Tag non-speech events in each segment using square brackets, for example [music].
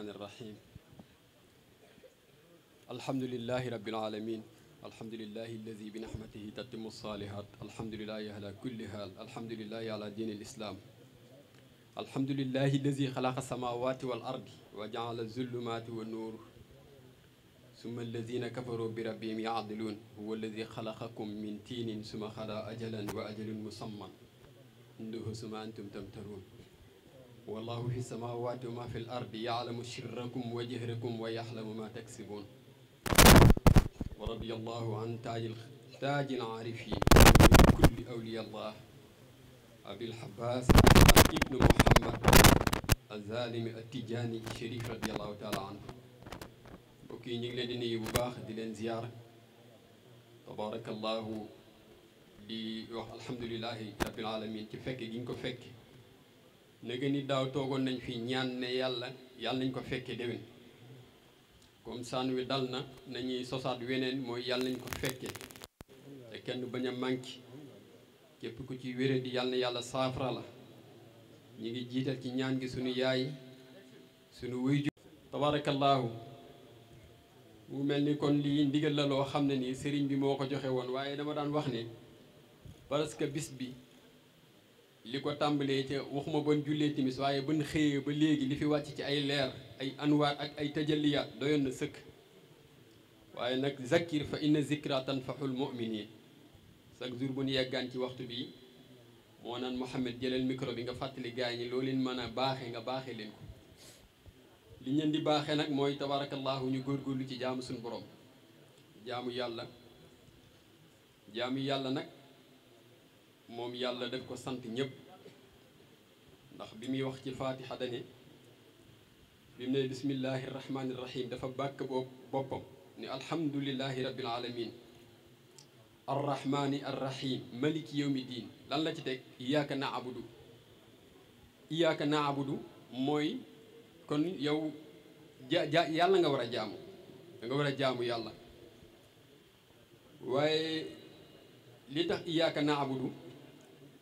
الرحمن الرحيم الحمد لله رب العالمين الحمد لله الذي بنعمته تتم الصالحات الحمد لله على كل حال الحمد لله على دين الإسلام الحمد لله الذي خلق السماوات والأرض وجعل الظلمات والنور ثم الذين كفروا بربهم يعدلون هو الذي خلقكم من تين ثم خلا أجلا وأجل مسمى عنده ثم أنتم تمترون wallahu fi samawati wa ma fi l ardi yaalamu sirrakum wa jahrakum wa yaxlamu ma taksibuun wa radiya allahu an taajil taajil aarifiin min kulli awliya allah abil abbas ibnu muhammad azalimi attijaani sharif radiallahu taala anhu mbokk yi ñu ngi leen di nuyu bu baax di leen ziyaar tabaarakallahu di wax alhamdulilahi rabbil alamin ci fekk gi ñu ko fekk léegi ni daaw toogoon nañu fi ñaan ne yàlla yàlla nañ ko fekkee déwén comme saan wi dal na nañuy sosaat weneen mooy yàlla nañ ko fekkee te kenn bañ a manqué képp ku ci wéré di yàlla na yàlla saafara la ñu ngi jiital ci ñaan gi suñu yaay suñu wuyju tabaarakallaahu mu mel ni kon lii ndigal la loo xam ne nii sëriñ bi moo ko joxe woon waaye dama daan wax ne parce que bis bi li ko tàmbalee ca waxuma bon jullee timis waaye ban xëyee ba léegi li fi wàcc ci ay leer ay anwaar ak ay tajalliyaat doyoon na sëkk waaye nag zakir fa inna zikra tanfaxul muminin chaque jour bu ñu yeggaan ci waxtu bi moo naan Mouhamed jëlal micro bi nga fàttali gars ñi loo leen mën a baaxee nga baaxee leen ko li ñeen di baaxee nag mooy tabaarakallaahu ñu góorgóorlu ci jaamu suñu borom jaamu yàlla jaamu yàlla nag moom yàlla daf ko sant ñëpp ndax bi muy wax ci faatixa dane bi mu ne bismillahi rahmaani rahim dafa bàkk boppam ne alhamdulilahi rabbil alamin arrahmaani arrahim maliki yawmi diin lan la ci teg iyaaka naabudu iyaaka naabudu mooy kon yow ja ja yàlla nga war a jaamu danga war a jaamu yàlla waaye li tax iyaaka naabudu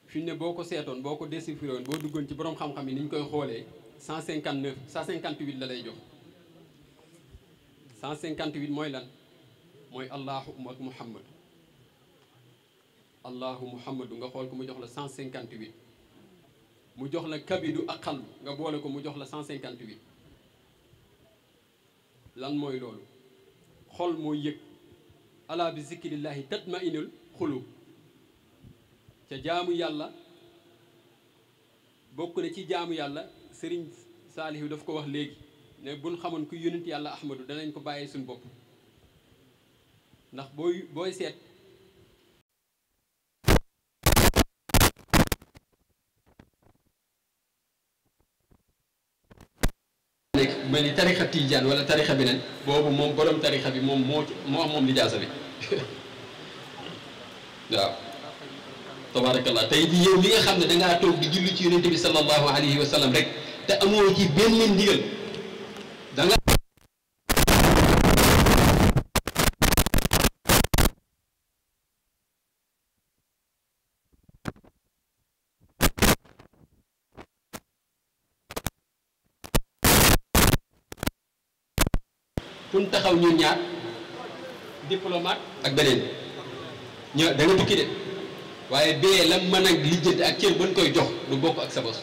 fi ñu ne boo ko seetoon boo ko déchiffré woon boo duggoon ci borom xam-xam yi ni ñu koy xoolee 159 158 la lay jox 158 mooy lan mooy allahu ak muhammad allahu muhammadu nga xool ko mu jox la 158 mu jox la kabidu ak xalbu nga boole ko mu jox la 158 lan mooy loolu xol mooy yëg ala bi zikrillahi tatma inul xulub ca jaamu yàlla bokk na ci jaamu yàlla sëriñ saalihu daf ko wax léegi ne bul xamoon ku yónent yàlla ahmadu danañ ko bàyyee suñ bopp ndax booy booy seet mel ni tarixa tijaan wala tarixa beneen boobu moom borom tarixa bi moom moo moo moom lijaasa bi [laughs] waaw tabarakallah tey jii yow li nga xam ne dangaa toog di julli ci yonente bi sallallahu alayhi wa sallam rek te amoo ci benn ndigal danga tukki de waaye bee la mën a lijjanti ak cër bën koy jox lu bokk ak sa bos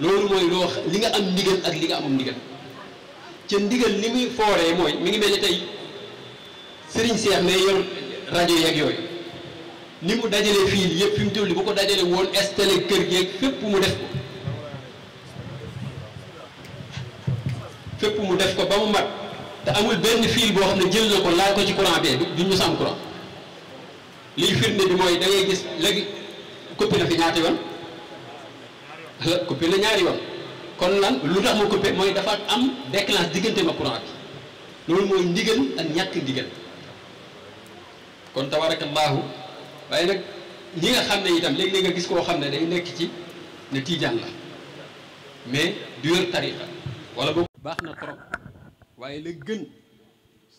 loolu mooy loo li nga am ndigal ak li nga amum ndigal ca ndigal li muy fooree mooy mi ngi mel ni tey sëriñ Seex ne yor rajo yeeg yooyu ni mu dajale fii yëpp fi mu li bu ko dajale woon installé kër geeg fépp mu def ko fépp mu def ko ba mu mat te amul benn fil boo xam ne jël na ko laal ko ci courant bi du ñu sam courant liy firnde bi mooy dangay gis léegi coupé na fi ñaata yoon coupé na ñaari yoon kon lan lu tax mu coupé mooy dafa am déclenche diggante ma courant bi loolu mooy ndigal ak ñàkk ndigal kon tabaarakallaahu waaye nag ñi nga xam ne itam léeg-léeg nga gis koo xam ne day nekk ci ne tiijaan la mais du yor tarixa wala boobu baax na trop waaye la gën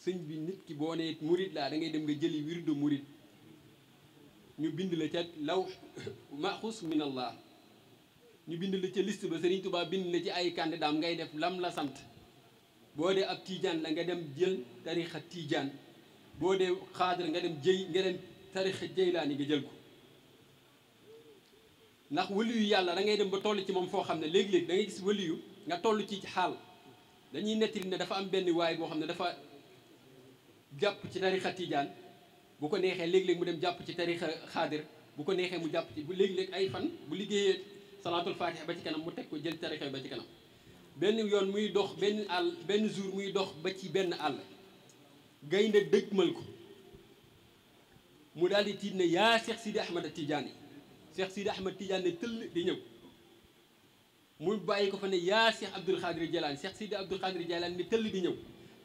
sëñ bi nit ki boo nee murid laa da ngay dem nga jëli wirdu murid ñu bind la ca law maxus min allah ñu bind la ca list ba Serigne Touba bind la ci ay candidat ngay def lam la sant boo dee ab tiijaan la nga dem jël tarixa tiijaan boo dee xaadar nga dem jëy nga dem tarixa jëylaani nga jël ko ndax wëliyu yàlla da ngay dem ba toll ci moom foo xam ne léegi léeg da ngay gis wëliyu nga toll ci xaal dañuy nettali ne dafa am benn waay boo xam ne dafa jàpp ci tarixa tiijaan bu ko neexee léeg-léeg mu dem jàpp ci tarixa xaadir bu ko neexee mu jàpp ci bu léeg-léeg ay fan bu liggéeyee salaatul faatiha ba ci kanam mu teg ko jël tarixa ba ci kanam benn yoon muy dox benn àll benn jour muy dox ba ci benn àll gaynde mal ko mu dal di tiit ne yaa Cheikh Sidi Ahmed Tidiane Cheikh Sidi Ahmed Tidiane ne tëll di ñëw mu bàyyi ko fa ne yaa Cheikh Abdoul Khadir Jeylaani Cheikh Sidi Abdoul Khadir Jeylaani ne tëll di ñëw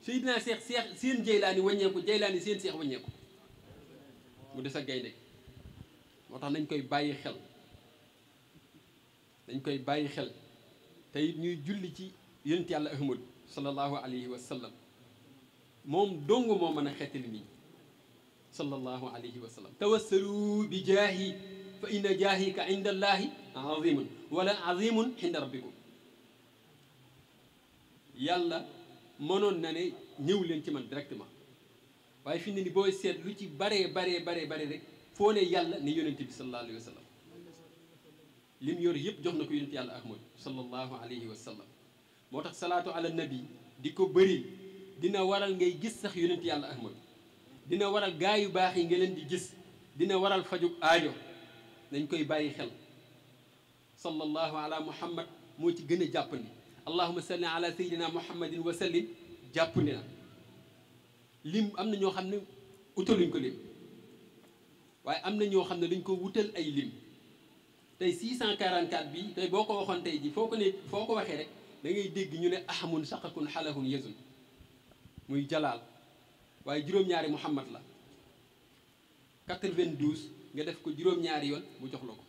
Seydina Cheikh Cheikh seen Jeylaani wàññeeku Jeylaani seen Cheikh wàññeeku mu des ak gaynde moo tax nañ koy bàyyi xel dañ koy bàyyi xel te ñuy julli ci yonent yàlla ahmadu sallallahu alayhi wa sallam moom dong moo mën a xeetali nit ñi sallallahu alayhi wa sallam tawassalu bi jaahi fa inna jaahi ka inda allahi azimun wala azimun inda yàlla mënoon na ne ñëw leen ci man directement waaye fi ne ni booy seet lu ci baree baree baree bare rek foo ne yàlla ne yonente bi sallallahu alayhi wa sallam lim yor yëpp jox na ko yonente yàlla ahmad sallallahu alayhi wa sallam moo tax salaatu ala nabi di ko bëri dina waral ngay gis sax yonente yàlla ahmad dina waral gaa yu baax yi nga leen di gis dina waral fajug aajo nañ koy bàyyi xel sallallahu ala muhammad moo ci gën a jàppandi allahuma salli ala sayidina muhammadin wa sallim jàppandi na lim am na ñoo xam ne utaluñ ko lim waaye am na ñoo xam ne dañ ko wutal ay lim tey 644 bi tey boo ko waxoon tey ji foo ko ne foo ko waxee rek da ngay dégg ñu ne ahamun saqakun xalahun yesun muy jalaal waaye juróom-ñaari muhammad la 92 nga def ko juróom-ñaari yoon mu jox la ko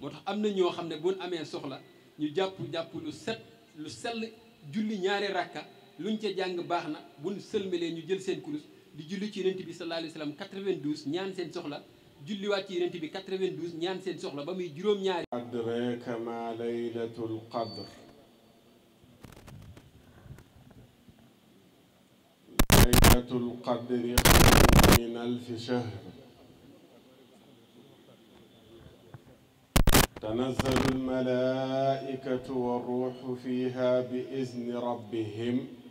moo tax am na ñoo xam ne buñ amee soxla ñu jàpp jàpp lu set lu sell julli ñaari rakka luñ ca jàng baax na buñ sëlmalee ñu jël seen kurus di julli ci yonent bi sallallahu alayhi wa soxla julliwaat ci yonent bi 92 ñaan seen soxla ba muy juróom-ñaari adraka ma laylatul qadr laylatul qadri min alfi shahr tanazzalu almalaikatu warruhu fiha bi izni rabbihim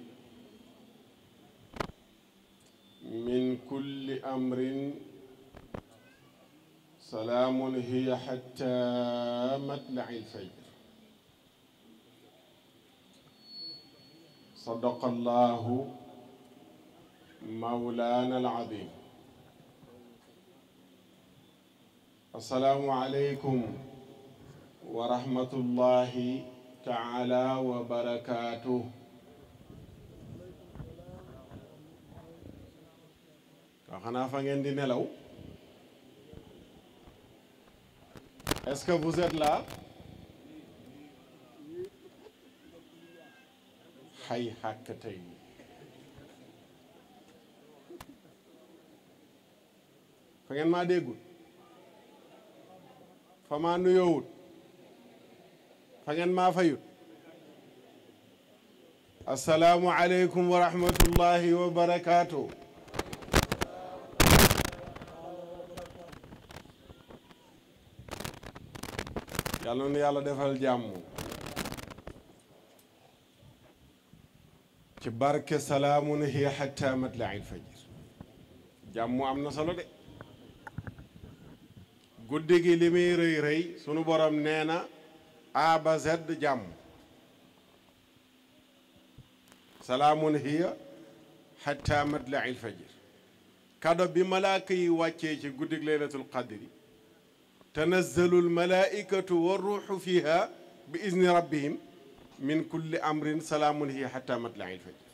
min kulli amrin salaamun hiya xatta matlaci lfajr sadaqa allahu mawlaana alazim assalaamu aleykum wa rahmatullahi taala wa barakaatuh waaw xanaa fa ngeen di nelaw est-ce que vous êtes là xay xàkk tey fa ngeen maa déggul fa maa nuyoowut fa ngeen maa fayut asalaamu aleykum wa rahmatullahi wa barakaatu yàlla na yàlla defal jàmm ci barke salaamun hiya xatta matla'il fajr jàmm am na solo de guddi gi li muy rëy rëy sunu borom nee na A ba Z jàmm salaamun hiya xatta matla'il fajr kado bi malaaka yi wàccee ci guddi laylatul qadri tanazzalu almalaikatu wa ruuxu fiha bi izni rabbihim min kulli amrin salaamun hiya xata matlai lfajr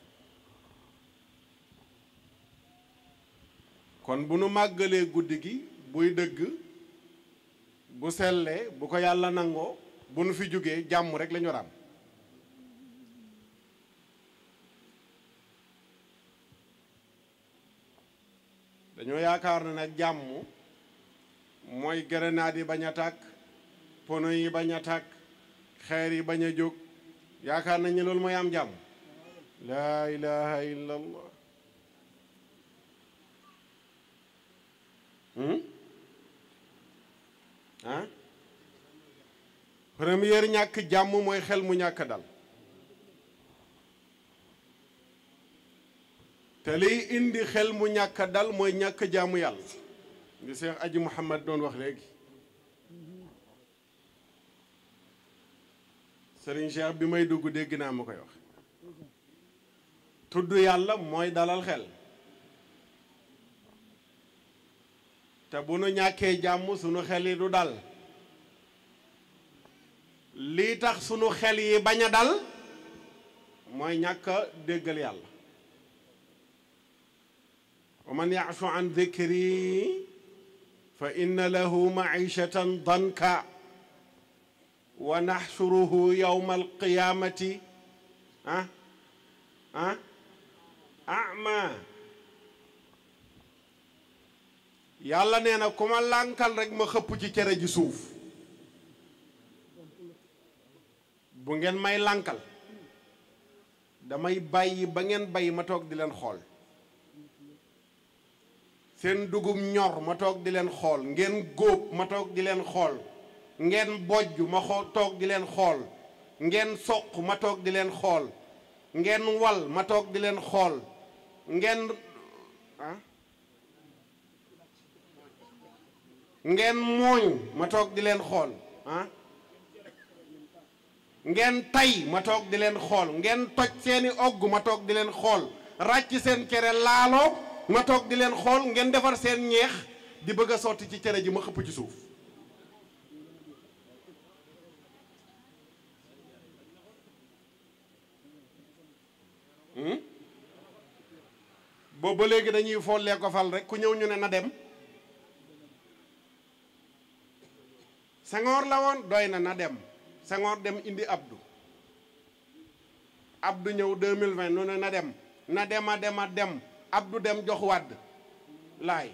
kon bu nu màggalee guddi gi buy dëgg bu sellee bu ko yàlla nangoo bu nu fi jógee jàmm rekk la ñu dañoo yaakaar na nag jàmm mooy grenade yi bañ a tàkk pono yi bañ a tàkk xeer yi bañ a jóg yaakaar nañ ne loolu mooy am jàmm laa ilaha illa allah ah hmm? première ñàkk jàmm mooy xel mu ñàkk dal te liy indi xel mu ñàkk dal mooy ñàkk jàmm yàlla li Cheikh Aji Mouhamad doon wax léegi Serigne Cheikh bi may dugg dégg naa ma koy wax tudd yàlla mooy dalal xel te bu nu ñàkkee jàmm sunu xel yi du dal lii tax sunu xel yi bañ a dal mooy ñàkk a déggal yàlla wa man ya'shu an dhikri fa inna lahu maishatan danka wa naxsuruhu yowma alqiyaamati ah ah ama yàlla nee na ku ma lànkal rek ma xëpp ci cere ji suuf bu ngeen may lànkal damay bàyyi ba ngeen bàyyi ma toog di leen xool seen dugub ñor ma toog di leen xool ngeen góob ma toog di leen xool ngeen bojj ma toog di leen xool ngeen soq ma toog di leen xool ngeen wal ma toog di leen xool ngeen ah ngeen mooñ ma toog di leen xool ah ngeen tay ma toog di leen xool ngeen toj seeni ogg ma toog di leen xool ràcc seen cere laaloo ma toog di leen xool ngeen defar seen ñeex di bëgg a sotti ci cere ji ma xëpp ci suuf hmm? booba léegi dañuy follee ko fal rekk ku ñëw ñu ne na dem Senghor la woon doy na na dem sengoor dem indi Abdou Abdou ñëw 2020 nu ne na dem na dem a dem a dem Abdou dem jox Wade laay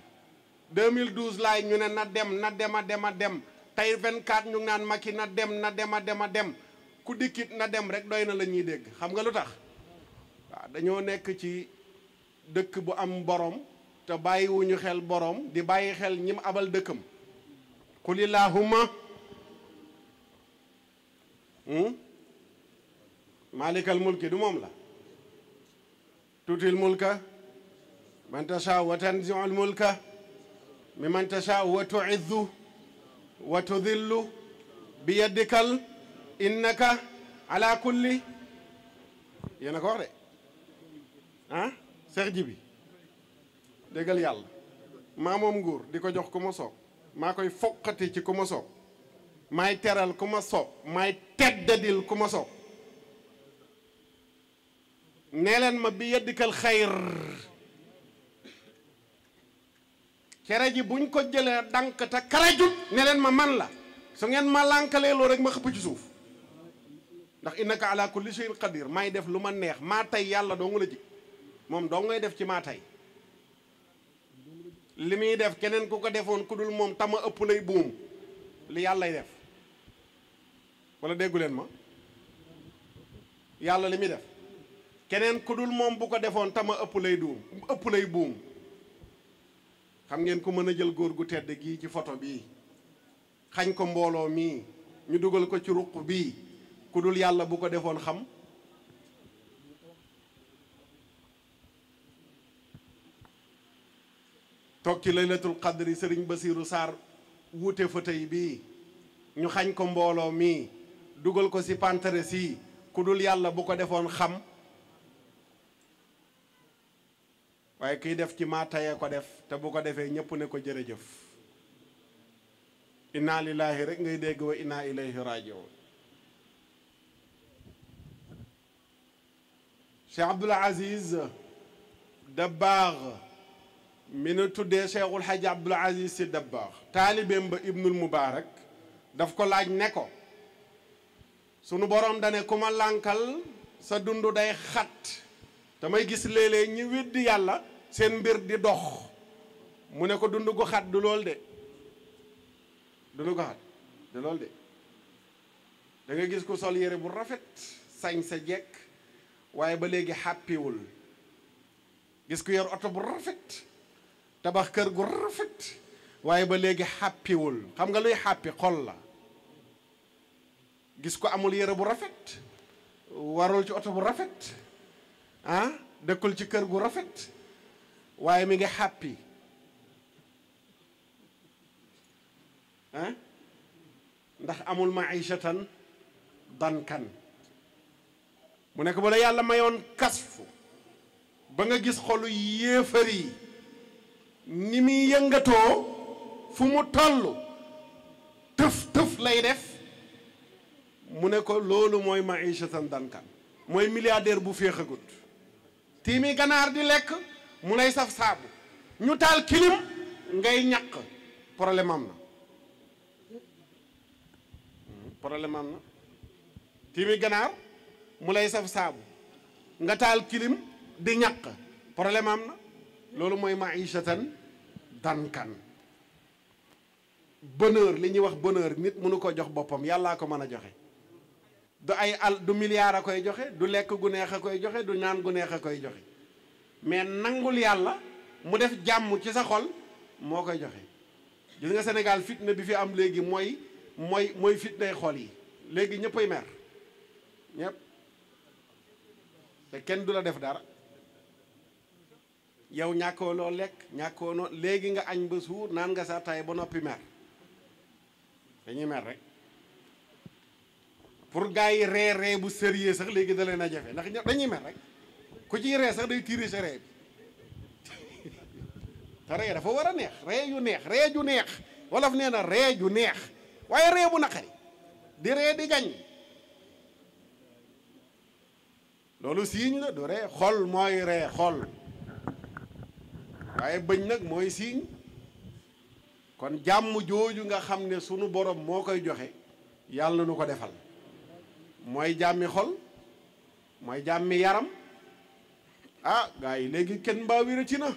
2012 laay ñu ne na dem na dem a dem a dem tey 24 ñu ngi naan Macky na dem na dem a dem a dem ku dikkit na dem rek doy na la ñuy dégg xam nga lu tax waaw dañoo nekk ci dëkk bu am borom te bàyyiwuñu xel borom di bàyyi xel ñim abal dëkkam kulillahuma maalikal hmm? mulki du moom la tuutil mulka man tashaau wa tanziu almulka mi man tashaau wa tuizzu wa tudillu bi yaddikal innaka ala kulli yéena ko wax de seex ji bi déggal yàlla maa moom nguur di ko jox ku ma soob maa koy foqati ci ku ma soob maay teral ku ma soob maay teddadil ku ma soob nee ma bi yaddikal xayr cere ji bu buñ ko jëlee dank te karajut ne ma man la su ngeen ma lànkalee loo rek ma xëpp ci suuf ndax innaka ala kulli shay'in qadir may def lu ma neex maa tey yàlla doo nga la ji moom doo ngay def ci maa tey li muy def keneen ku ko defoon ku dul moom tama ëpp lay buum li yàllay def wala déggu leen ma yàlla li muy def keneen ku dul moom bu ko defoon tama ëpp lay duum ëpp lay buum xam ngeen ko mën a jël góor gu tedd gii ci photo bii xañ ko mbooloo mii ñu dugal ko ci ruq bii ku dul yàlla bu ko defoon xam toog ci laylatul qadri sëriñ ba siiru Saar wuute fa tey bii ñu xañ ko mbooloo mii dugal ko ci pantere sii ku dul yàlla bu ko defoon xam waaye kiy def ci maa tayee ko def te bu ko defee ñëpp ne ko jërëjëf inna lillahi rek ngay dégg wa inna ilayhi rajiun Cheikh Abdoul Aziz Dabakh mi nu tuddee Cheikhul Hadj Abdoul Aziz Sy Dabakh taalibeem ba Ibnul Moubarak daf ko laaj ne ko sunu borom dane ku ma lànkal sa dund day xat damay gis léeg-léeg ñi weddi yàlla seen mbir di dox mu ne ko dund gu xat du lool de dund ko xat du lool de da gis ku sol yére bu rafet sañ sa jekk waaye ba léegi xàppiwul gis ku yor oto bu rafet tabax kër gu rafet waaye ba léegi xàppiwul xam nga luy xàppi xol la gis ko amul yére bu rafet warul ci oto bu rafet ah dëkkul ci kër gu rafet waaye mi ngi happy ndax amul maishatan dankan mu nekk ba la yàlla mayoon kasfu ba nga gis xolu yéefar ni muy yëngatoo fu mu toll tëf tëf lay def mu ne ko loolu mooy maishatan dankan mooy milliardaire bu féexagut tiimi ganaar di lekk mu lay saf saabu ñu taal kilim ngay ñaq problème am na hmm, problème am tiimi ganaar mu lay saf saabu nga taal kilim di ñaq problème na loolu mooy maïchatan dankan bonheur li ñuy wax bonheur nit mënu ko jox boppam yàllaa ko mën a joxe du ay al du milliard a koy joxe du lekk gu neex a koy joxe du ñaan gu neex a koy joxe mais nangul yàlla mu def jàmm ci sa xol moo koy joxe gis nga Sénégal fitna bi fi am léegi mooy mooy mooy fitnay xol yi léegi ñëppay mer ñëpp te kenn du la def dara yow ñàkkoo loo lekk ñàkkoo noo léegi nga añ ba suur naan nga sa taay ba noppi mer dañuy mer rek pour gars yi ree ree bu sérieux sax léegi da leen a jafe ndax dañuy mer rek ku ci ree sax day tiire sa ree bi te ree dafa war a neex ree yu neex ree yu neex wolof nee na ree yu neex waaye ree bu naqari di ree di gañ loolu siiñ la du ree xol mooy ree xol waaye bëñ nag mooy siiñ kon jàmm jooju nga xam ne sunu borom moo koy joxe yàlla na nu ko defal mooy jàmmi xol mooy jàmmi yaram ah gars yi léegi kenn mbaa wi rëcci na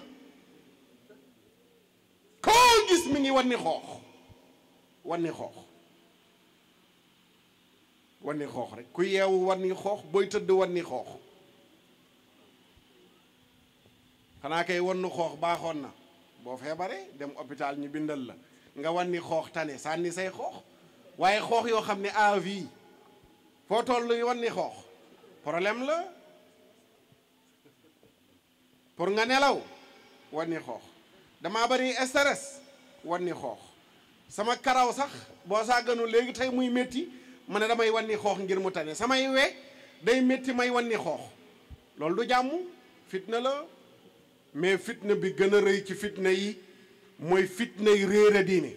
koo gis mi ngi wanni xoox wanni xoox wanni xoox rek ku yeewu wanni xoox booy tëdd wanni xoox xanaa kay wannu xoox baaxoon na boo feebaree dem hôpital ñu bindal la nga wanni xoox tane sànni say xoox waaye xoox yoo xam ne à vie foo toll luy wanni xoox problème la pour nga nelaw wan ni xoox damaa bari stress wan ni xoox sama karaw sax boo saa gënul léegi tey muy métti ma ne damay wan ni xoox ngir mu tane samay we day métti may wanni ni xoox loolu du jàmm fitna la mais fitna bi gën a rëy ci fitna yi mooy fitna yi réer a diine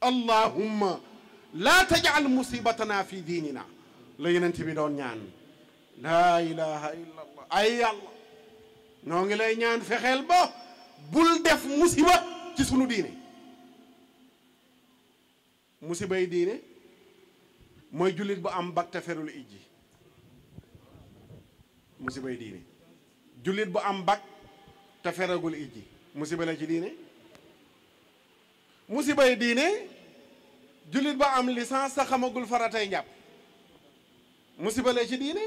allahumma laa tajal musibatana fi diinina la yenent bi doon ñaan laa ilaha illa ay yàlla noo ngi lay ñaan fexeel ba bul def musiba ci sunu diine musibay diine mooy jullit bu am bag te ferul ijji musibay bu am bag te feragul ijji musiba la ci diine musibay diine jullit ba am licence sa xamagul faratay njàpp musiba la ci diine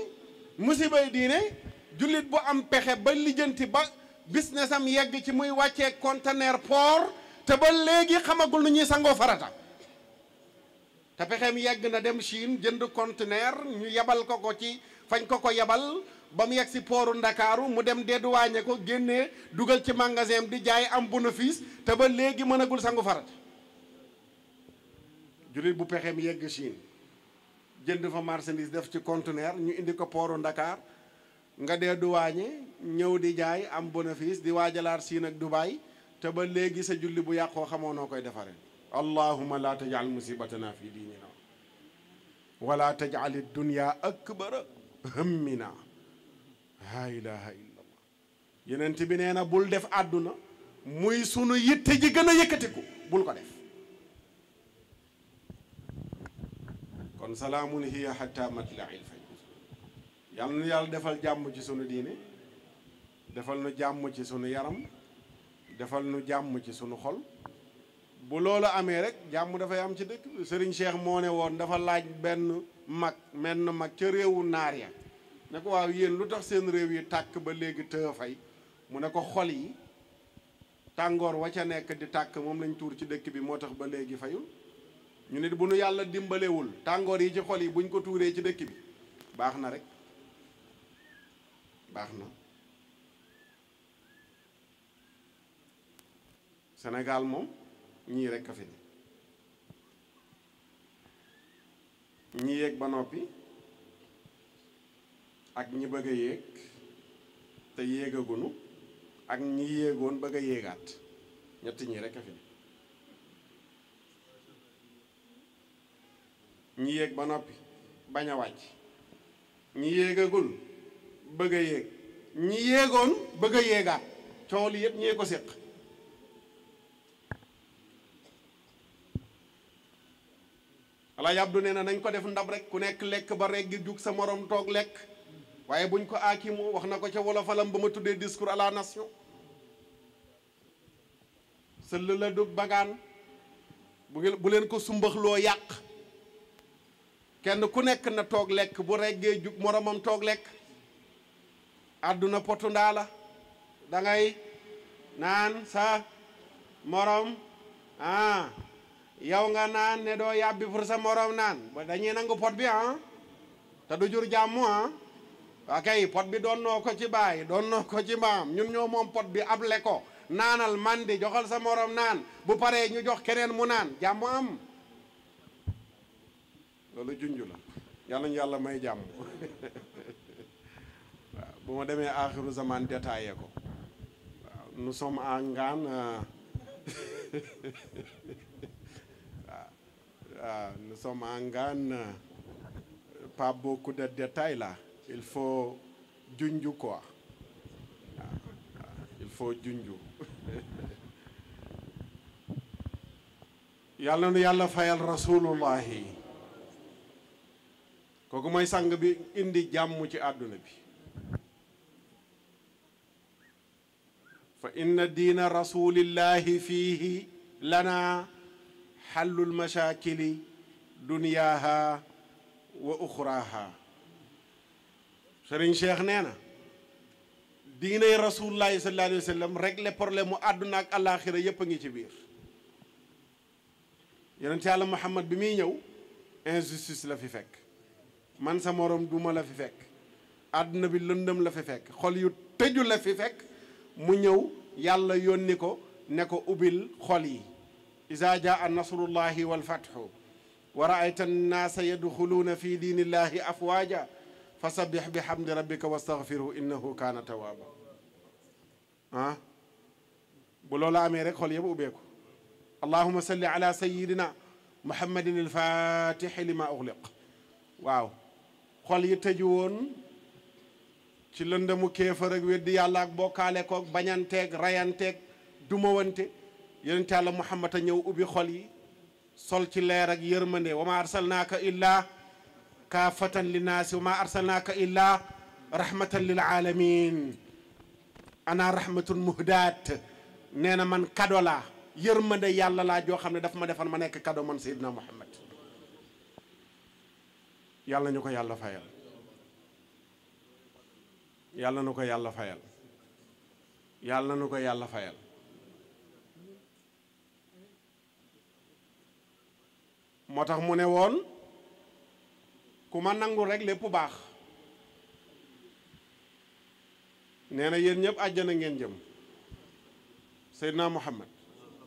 musibay diine jullit bu am pexe ba lijjanti ba business am yegg ci muy wàccee conteneur port te ba léegi xamagul nu ñuy sangoo farata te pexeem yegg na dem Chine jënd conteneur ñu yebal ko ko ci fañ ko ko yebal ba mu yegg ci pooru Ndakaaru mu dem dédouané ko génnee dugal ci magasin di jaay am bénéfice te ba léegi mënagul sangu farat jullit bu pexeem yegg Chine jënd fa marchandise def ci conteneur ñu indi ko pooru Ndakaar nga dee duwaañe ñëw di jaay am bénéfice di waajalaat siin ak Dubaay te ba léegi sa julli bu yàqoo xamoo noo koy defare allahuma la tajal musibatana fi diinina wala tajal dunya akbara hammina laa ilaha illa allah yenent bi nee na bul def àdduna muy sunu yitte ji gën a yëkkatiku bul ko def kon salaamun a hatta matla'il fajr yàlla nu yàlla defal jàmm ci sunu diine defal nu jàmm ci sunu yaram defal nu jàmm ci sunu xol bu loolu amee rek jàmm dafay am ci dëkk sëriñ Cheikh moo ne woon dafa laaj benn mag menn mag ca réewu naar ya ne ko waaw yéen lu tax seen réew yi tàkk ba léegi tëë fay mu ne ko xol yi tàngoor wa ca nekk di tàkk moom lañ tuur ci dëkk bi moo tax ba léegi fayul ñu nit bu nu yàlla dimbalewul tàngoor yi ci xol yi buñ ko tuuree ci dëkk bi baax na rek baax na Sénégal moom ñii rek a fi ne ñi yéeg ba noppi ak ñi bëgg a yéeg te yéegagunu ak ñi yéegoon bëgg a yéegaat ñett ñii rek a fi ne ñi yéeg ba noppi bañ a wàcc ñi yéegagul bëgg a yéeg ñi yéegoon bëgg a yéegaat coow li yépp ñee ko séq walla yàbdu nee na nañ ko def ndab rek ku nekk lekk ba rek gi jug sa morom toog lekk waaye buñ ko aakimu wax na ko ca wolofalam ba ma tuddee discours à la nation sëll la du bagaan bu bu leen ko sumbaxloo yàq kenn ku nekk na toog lekk bu reggee jub moromam toog lekk àdduna potu ndaa la da naan sa morom ah yow nga naan ne doo yàbbi pour sa morom naan ba dañuy nangu pot bi ah te du jur jàmm ah waa pot bi doon noo ko ci baay doon ko ci maam ñun ñoo pot bi able ko naanal mandi joxal sa morom naan bu paree ñu jox keneen mu naan jàmm am loolu junj la yàlla ñu yàlla may jàmm [laughs] waaw bu ma demee aaxiru zaman détaillé ko waaw nous sommes en ngaan euh, [laughs] waaw waaw nous sommes en euh, il faut junj quoi waaw il faut junj yàlla [laughs] nu yàlla fayal rasulullahi kooku mooy sang bi indi jàmm ci àdduna bi fa inna diina rasulillahi fiihi lana xallul mashaakili duniyaaha wa uxraaha sëriñ Cheikh nee na diinay rasulillahi sallallahu alayhi wa sallam régler problème mu àdduna ak àllaaxira yépp a ngi ci biir yonent yàlla Muhammad bi muy ñëw injustice la fi fekk man sa morom duma la fi fekk àdduna bi lëndëm la fi fekk xol yu tëju la fi fekk mu ñëw yàlla yónni ko ne ko ubbil xol yi iza jaa nasrullahi wal fathu wa raayta annaasa yadxuluuna fi diinillahi afwaaja fa sabbix bi xamdi rabbika wastaxfirhu innahu kaana tawaaba ah bu loola amee rek xol yëpp ubbeeku allahuma salli ala sayidina muhammadin alfatixi lima uxliq waaw xol yi tëju woon ci lëndëmu kéefar ak weddi yàlla ak bokkaale koog bañanteeg rayanteeg dumawante yonent yàlla muhammad a ñëw ubbi xol yi sol ci leer ak yërmande wa ma arsalnaaka illaa kaafatan linnaasi wa ma arsalnaaka illaa rahmatan lil alamin ana rahmatun muhdaat nee na man kado laa yërmande yàlla laa joo xam ne daf ma defal ma nekk kado man sayidna muhammad yàlla ñu ko yàlla fayal yàlla nu ko yàlla fayal yàlla nu ko yàlla fayal moo tax mu ne woon ku ma nangu rek lépp baax nee na yéen ñëpp àjjana ngeen jëm Seydina Muhammad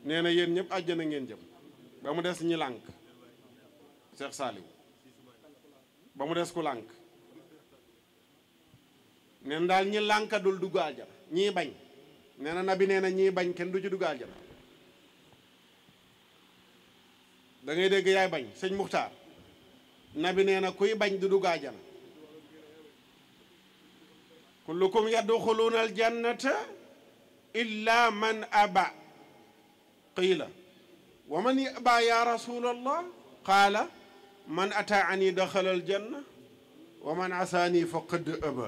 nee na yéen ñëpp àjjana ngeen jëm ba mu des ñi lànk Cheikh ba mu des ku lànk neen daal ñi lànkadul dugg aljana ñii bañ nee na nabi nee ñii bañ kenn du ci dugg aljana da ngay dégg yaay bañ sëñ Muxtaar nabi nee na kuy bañ du dugg aljana kullukum yadxuluuna aljannata illa man aba qiila wa man yaba ya rasulallah qaala man ataani daxalal janna wa man asaani fa xëdd ëba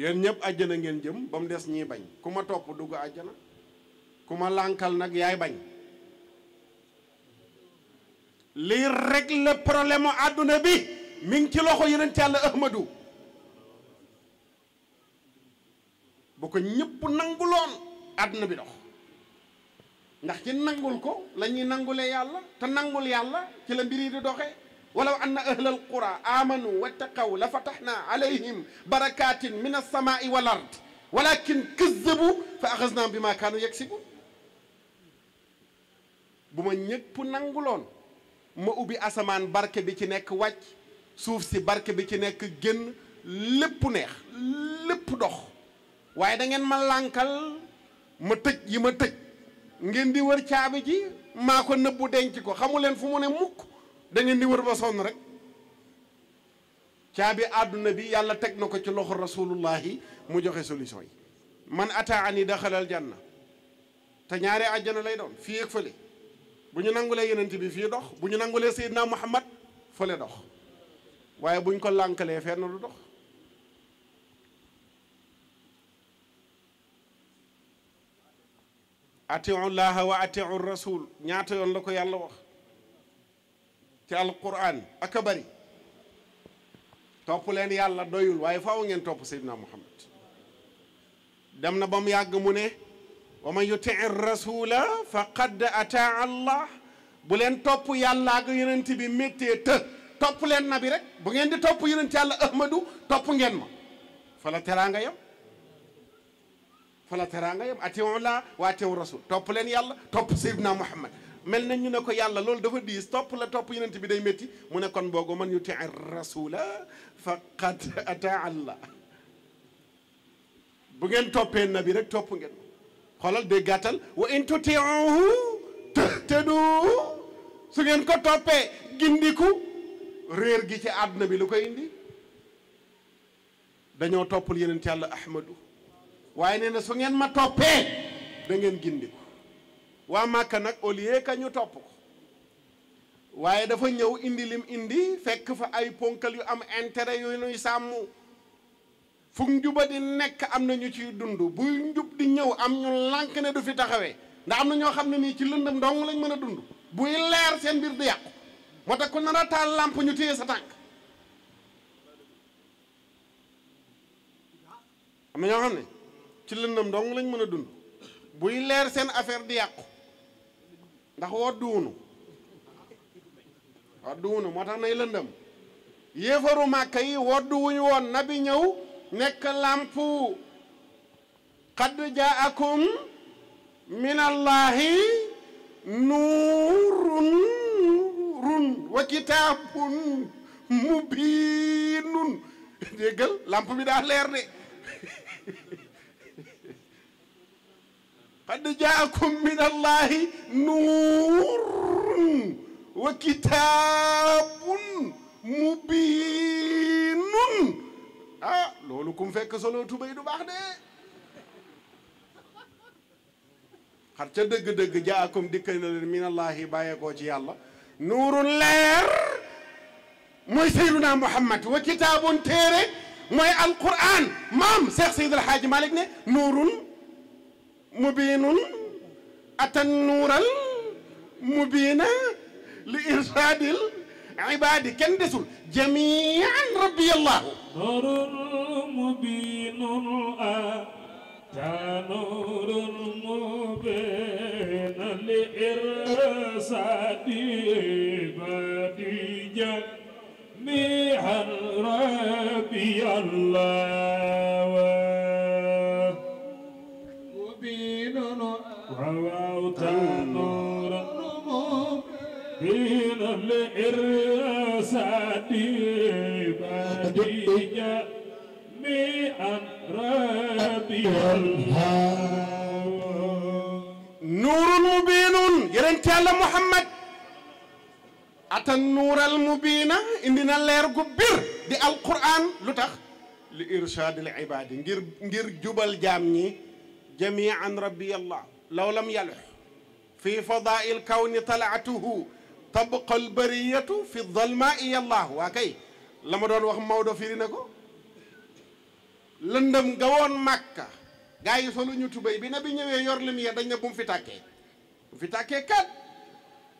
yéen ñëpp àjjana ngeen jëm ba mu des ñii bañ ku ma topp dugg àjjana ku ma lànkal nag yaay bañ lii rek le àdduna bi mi ci loxo yeneen yàlla Ahmadu bu ko ñëpp nanguloon àdduna bi dox ndax ci nangul ko lañuy nangule yàlla te nangul yàlla ci la mbir yi di doxee walaw anna ahlal qura amanu wattaqaw la fataxna alayhim barakatin min alsamaai wal ard walakin kazzabu fa axasnaam bi ma kaanu yaksibu bu ma ñëpp nanguloon ma ubbi asamaan barke bi ci nekk wàcc suuf si barke bi ci nekk génn lépp neex lépp dox waaye da ma lànkal ma tëj yi ma tëj ngeen di wër caabi ji maa ko nëbbu denc ko xamu leen fu mu ne mukk da ngeen di wër ba sonn rek caabi àdduna bi yàlla teg na ko ci loxo rasulullahi mu joxe solution yi man ataani daxalal janna te ñaare àjjana lay doon fii ak fële bu ñu nangu le yenent bi fii dox bu ñu nangulee Seydina Muhammad fële dox waaye buñ ko lankalee fenn du dox atiu llaha wa atiu rasul ñaata yoon la ko yàlla wax ci alquran ak topp leen yàlla doyul waaye faaw ngeen topp seydina muhammad dem na ba mu yàgg mu ne wa man yuti rasula ataa allah bu leen topp yàlla ak yonent bi méttee të topp leen nabi rek bu ngeen di topp yonent yàlla ahmadu topp ngeen ma fa la teraa yam fa la teraanga yam atiwu laa wa atiwu rasul topp leen yàlla topp Seydina Muhammad mel nañ ñu ne ko yàlla loolu dafa diis topp la topp yonent bi day métti mu ne kon boogo man yuti rasula faqad ata allah bu ngeen toppee nabi rek topp ngeen xoolal day gàttal wa in tutiuhu tahtadu su ngeen ko toppee gindiku réer gi ci àdduna bi lu koy indi dañoo toppal yonent yàlla ahmadu waaye nee na su ngeen ma toppee dangeen ngeen gindiku waa Màkka nag au ka ñu topp ko waaye dafa ñëw indi lim indi fekk fa ay ponkal yu am intérêt yu nuy sàmm fu njuba di nekk am na ñu ci dund buy njub di ñëw am ñu lànk ne du fi taxawee ndax am na ñoo xam ne nii ci lënd ndong lañ mën a dund buy leer seen mbir du yàqu moo tax ku nar a làmp ñu téye sa tànk am na ñoo xam ne ci lëndëm dong lañ mën a dund buy leer seen affaire di yàqu ndax woo duunu waaw duunu moo tax nay lëndëm yéefaru màkka yi woddu wuñu woon nabi ñëw nekk làmp qad jaakum min allahi nuurun run wa kitaabun mubiinun déggal làmp bi daa leer de [laughs] qad jaakum min allahi nuurun wa kitaabun mubiinun ah loolu kum fekk solo tubéy du baax de xar ca dëgg-dëgg jaakum dikka na leen min allahi bàyyeekoo ci yàlla nuurun leer mooy sayduna muhammad wa kitaabun téere mooy alquran maam Cheikh Seydil Hadji Malick ne nuurun mubiinun atan nuural mubiina li irsaadil ibaadi kenn desul jamian rabbi allahu nuurun mubiinun atan nuurun mubiina li irsaadi ibaadi jamian rabbi allah رووت نورا حين الإرساد بديجة مئن ربي نور مبين يرنت على محمد أتى النور المبين إننا لير قبير دي القرآن لتخ لإرشاد العباد غير غير جبل جامني جميعا ربي الله law lam yalux fi kaw kawni talaatuhu tabqa albariyatu fi dalmaai yallahu waa kay la ma doon wax Maodo firi na ko lëndëm ga woon màkka gaa yi solu ñu tubéy bi na bi ñëwee yor lim ya dañ ne bu mu fi tàkkee bu fi tàkkee kat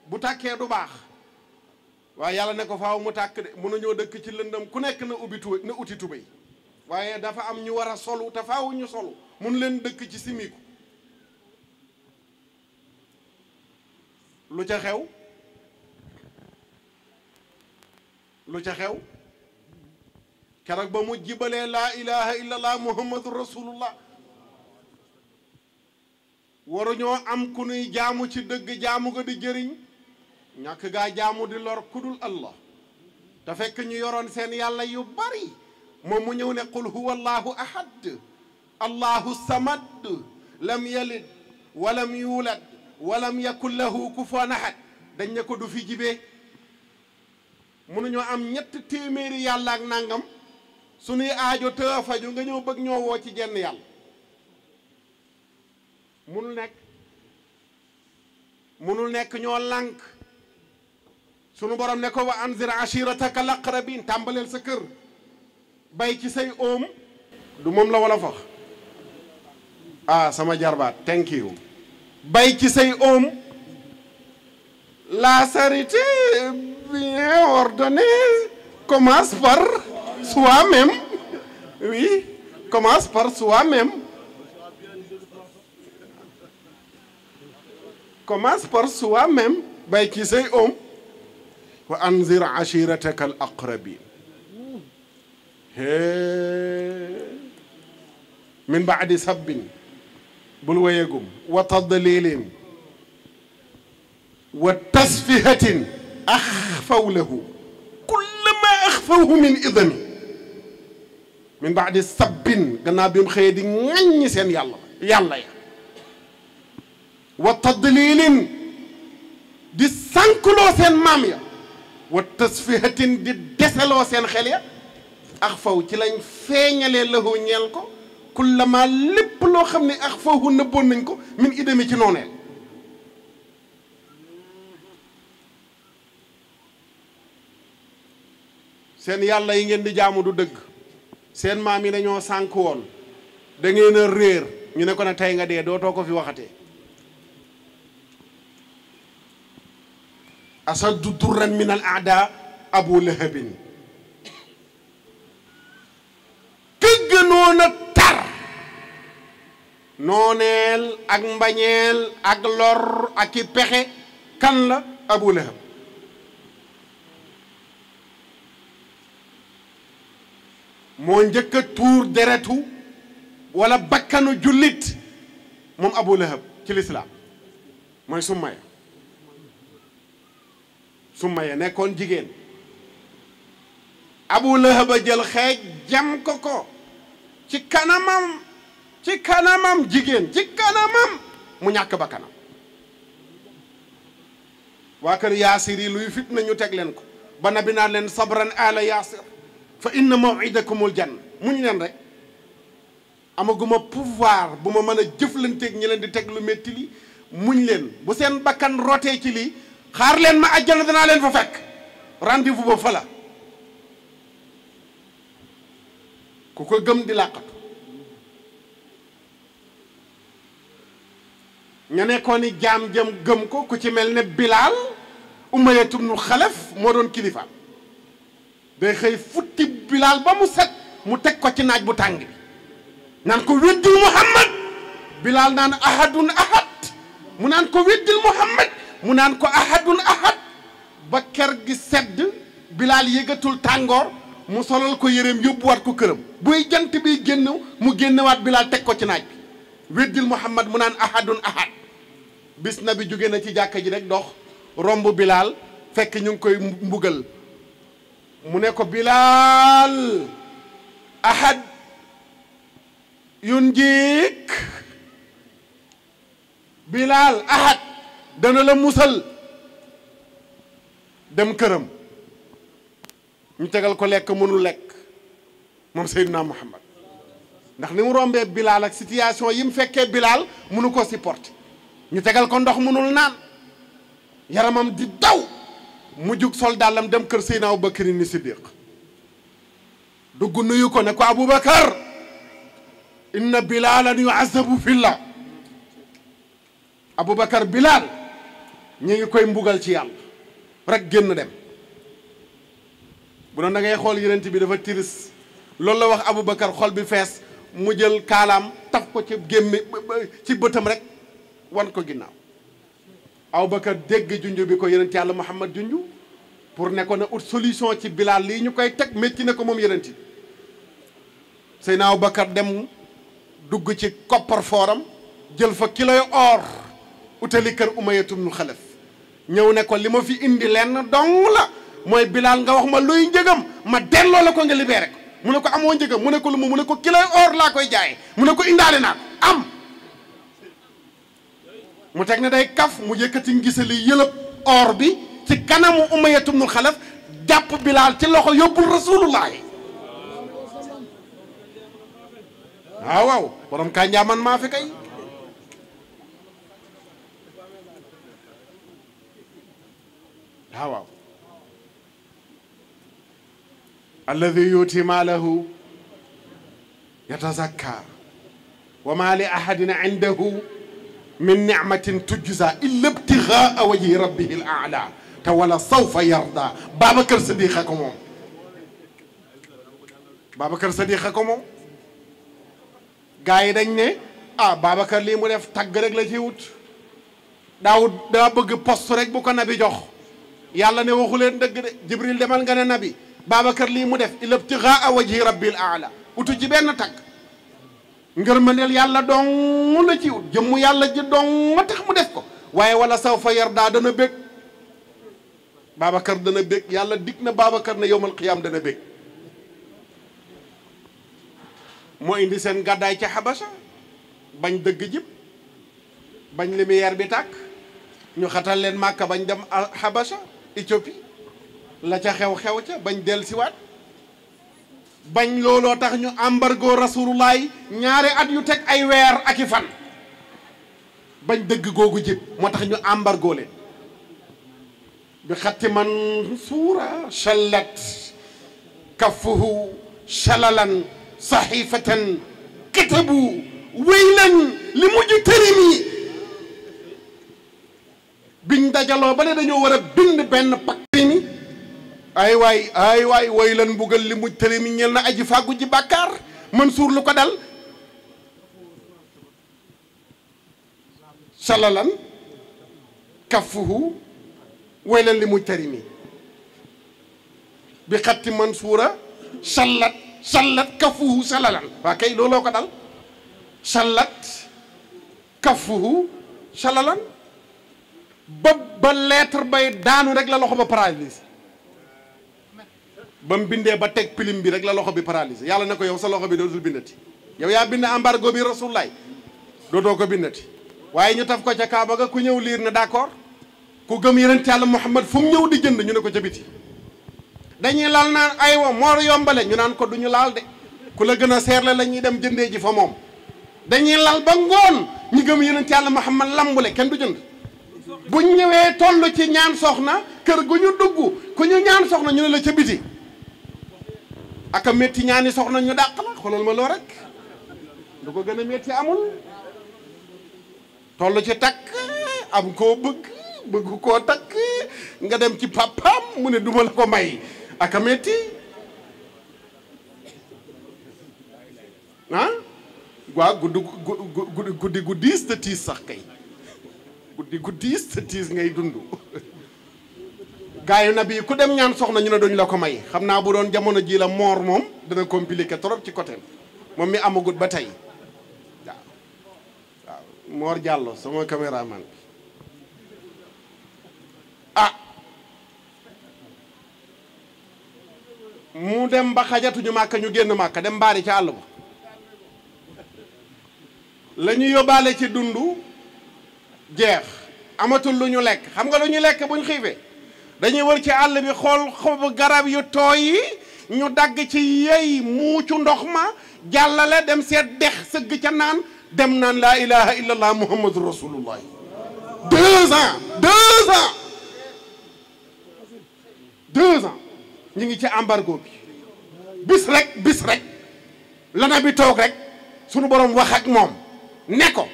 bu tàkkee du baax waaye yàlla ne ko faaw mu tàkk de mënuñoo dëkk ci lëndëm ku nekk na ubbi tu na uti tubéy waaye dafa am ñu war a solu te faaw ñu solu mun leen dëkk ci simiku lu ca xew lu ca xew keroog ba mu jibalee laa ilaha illallah muhammadu rasulullah waruñoo am ku nuy jaamu ci dëgg jaamu nga di jëriñ ñàkk ga jaamu di lor kudul allah te fekk ñu yoroon seen yàlla yu bari moom mu ñëw ne qul huwa allahu ahad allahu samad lam yalid walam yuulad walam yakun lahu kufuwan ahad dañ ne ko du fi jibee mënuñoo am ñett téeméeri yàlla ak nangam suñuy aajo tëë faju nga ñëw bëgg ñoo woo ci jenn yàlla munul nekk munul nekk ñoo lànk sunu borom ne ko wa anzir ashirataka laqrabin tàmbaleel sa kër bay ci say om du moom la wala fax ah sama jarbaat thank you bay ci say oom la charité bien ordonnée commence par soi-même oui commence par soi-même commence par soi-même bay ci say oom wa anzir achirataka al aqrabin min baadi sabbin bul wayegum wa tadlilin wa tasfihatin axfaw lahu kulla ma axfawhu min idami min baadi sabbin gannaaw bi mu xëyee di ŋàññi seen yàlla yàlla ya wa tadlilin di sànkloo seen maam ya wa tasfihatin di deseloo seen xel ya axfaw ci lañ feeñalee lahu ñeel ko kullama lépp loo xam ne ak foofu nëbboon nañ ko min idami ci noonee seen yàlla yi ngeen di jaamu du dëgg seen maam yi dañoo sànk woon da a réer ñu ne ko ne tey nga dee dootoo ko fi waxatee asaddu durran min al aada abu lahabin ka gënoon a nooneel ak mbañeel ak lor ak i pexe kan la abu lahab moo njëkk a tuur deretu wala bakkanu jullit moom abu lahab ci lislaam mooy summaya summaya nekkoon jigéen abu lahab a jël xeej jam ko ko ci kanamam ci kanamam jigéen ci kanamam mu ñàkk bakkanam waa kër yaasir yi luy fitna ñu teg leen ko ba nabi naan leen sabran ala yaasir fa inna mawidakumul jan muñ leen rek amaguma pouvoir bu ma mën a jëflanteeg ñi leen di teg lu métti li muñ leen bu seen bakkan rotee ci lii xaar leen ma àjjana danaa leen fa fekk rendez-vous ba fa la ku ko gëm di làqatu ña nekkoon i jaam jëm gëm ko ku ci mel ne bilaal umayatum nu xalaf moo doon kilifa day xëy futti bilaal ba mu set mu teg ko ci naaj bu tàng bi naan ko weddil muhammad bilaal naan ahadun ahad mu naan ko weddil muhammad mu naan ko ahadun ahad ba kër gi sedd bilaal yëgatul tàngoor mu solal ko yëreem yóbbuwaat ku këram buy jant bi génn mu génnewaat bilaal teg ko ci naaj bi weddil muhammad mu naan ahadun ahad bis na bi jóge na ci jàkka ji rek dox romb bilaal fekk ñu ngi koy mbugal mu ne ko bilaal ahad yun jiik bilaal ahad dana la musal dem këram ñu tegal ko lekk mënul lekk moom Seydina Muhammad ndax ni mu rombee bilaal ak situation yi mu fekkee bilaal mënu ko supporter ñu tegal ko ndox mënul naan yaramam di daw mu jug sol dem kër Seydina Aboubakri ni Siddiq dugg nuyu ko ne ko Aboubacar inna bilalan yuazabu fillah Aboubacar Bilal ñu ngi koy mbugal ci yàlla rek génn dem bu doon da ngay xool yonent bi dafa tiris loolu la wax Aboubacar xol bi fees mu jël kaalaam tax ko ci gémmi ci bëtam rek wan ko ginnaaw aw Abubakar dégg junj bi ko yonent yàlla Muhammad junj pour ne ut solution ci Bilaal lii ñu koy teg metti na ko moom yonent bi Seydina Abubakar dem dugg ci koppar fooram jël fa kiloy or utali kër Umayyatu bnu Xalaf ñëw ne ko li ma fi indi lenn dong la mooy Bilaal nga wax ma luy njëgam ma delloo la ko nga libéré ko mu ne ko amoo njëgam mu ne ko lu mu mu ne ko kilo or laa koy jaay mu ne ko indaale naa am mu teg ne day kaf mu yëkkati ngisali yëlëb or bi ci kanamu umayatum nu xalaf jàpp bilaal ci loxo yóbbul rasulullahi waaw waaw borom kànjaa man maa fi kay waaw waaw alladi yuuti maalahu yatazakka wa maa li ahadin indahu min nicmatin tujza illa btigaa wajhi rabbihi l aala te wala sawfa yarda Babacar Sadiq a ko moom Babacar Sadiq a ko moom gars yi dañ ne ah Babacar mu def tagg la ci wut daawut daa bëgg poste rek bu ko nabi jox yàlla ne waxu leen dëgg de Jibril demal nga ne nabi Babacar lii mu def illa btigaa wajhi rabbil aala utu ci benn tagg ngërmandeel yàlla dong la ci ut jëmmu yàlla ji dong tax mu def ko waaye wala saw fa yardaa dana bég Babacar dana bég yàlla dig na Babacar ne yowmal qiyaam dana bég moo indi seen gàddaay ca xabasa bañ dëgg jib bañ lumière bi tàkk ñu xatal leen màkka bañ dem xabasa Éthiopie la ca xew-xew ca bañ dellusiwaat bañ looloo tax ñu embargo rasulullaay ñaari at yu teg ay weer aki fan bañ dëgg googu jib moo tax ñu embargo leen bi xatti man suura shallat kafuhu shalalan saxifatan kitabu waylan li mujj tërimi biñ dajaloo ba ne dañoo war bind benn pakk ay waay waay woy lan mbugal li muj tëri mi ñel na aji fàggu bàkkaar Mansuur lu ko dal salalan kafuhu woy lan li muj tëri mi bi xatti Mansuura sallat sallat kafuhu salalan waa kay looloo ko dal sallat kafuhu salalan ba ba lettre bay daanu rek la loxo ba paralysé ba mu bindee ba teg pilim bi rek la loxo bi paralysé yàlla ne ko yow sa loxo bi dootul bindati yow yaa bind embargo bi rasulaay dootoo ko bindati waaye ñu taf ko ca Kaaba ga ku ñëw liir ne d'accord ku gëm yeneen yàlla Muhammad fu mu ñëw di jënd ñu ne ko ca biti dañuy laal naan aywa moo yombale ñu naan ko duñu laal de ku la gën a seerle la ñuy dem jëndee ji fa moom dañuy lal ba ngoon ñu gëm yeneen yàlla Muhammad lambule kenn du jënd buñ ñëwee toll ci ñaan soxna kër gu ñu dugg ku ñaan soxna ñu ne la ca biti aka métti ñaani soxna ñu dàq la xoolal ma loo rek lu ko gën a métti amul toll ci takk am koo bëgg bëgg koo takk nga dem ci papaam mu ne duma la ko may aka métti ah? waa waaw guddi guddi guddi te tiis sax kay guddi guddiis te tiis ngay dund gaayu nabi yi ku dem ñaan soxna ñu ne duñ la ko may xam naa bu doon jamono jii la moor moom dana compliqué trop ci côté moom mi amagut ba tey waaw waaw sama caméraman bi ah! mu dem ba xajatuñu màkk ñu génn màkk dem mbaari ca àll ba la ñu yóbbaale ci dund jeex amatul lu ñu lekk xam nga lu ñu lekk buñ xiifee dañuy wër ci àll bi xool xobu garab yu tooy yi ñu dagg ci yey muucu ndox ma jàllale dem seet dex sëgg ca naan dem naan laa ilaha illallah muhammadu rasulullah deux ans deux ans deux ans ñu ngi ci embargo bi bis rek bis rek lana toog rek sunu borom wax ak moom ne ko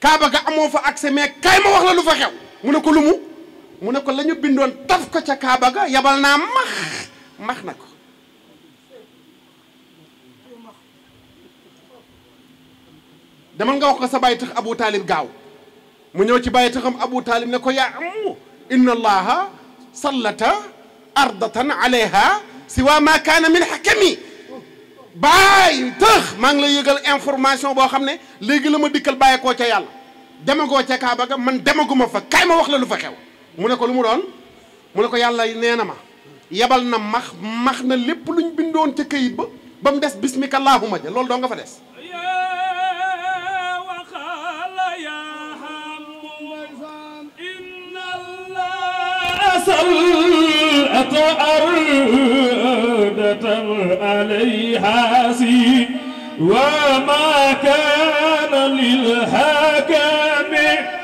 kaaba ga amoo fa accès mais kay ma wax la lu fa xew mu ne ko lu mu mu ne ko la bindoon taf ko ca Kaaba ga yabal naa max max na ko demal nga wax ko sa bàyyi tax Abu Taalib gaaw mu ñëw ci bàyyi taxam Abu Taalib ne ko yaa amu inna allaha sallata ardatan alayha siwa ma kaana min hakami bàyyi tax maa ngi lay yëgal information boo xam ne léegi la ma dikkal bàyyeekoo ca yàlla demagoo ca Kaaba ga man demaguma fa kaay ma wax la lu fa xew mu ne ko lu mu doon mu ne ko yàlla nee na ma yabal na max max na lépp luñ bindoon ca këyit ba ba mu des bismika allahuma ja loolu doo nga fa des عليها سي وما كان للحاكم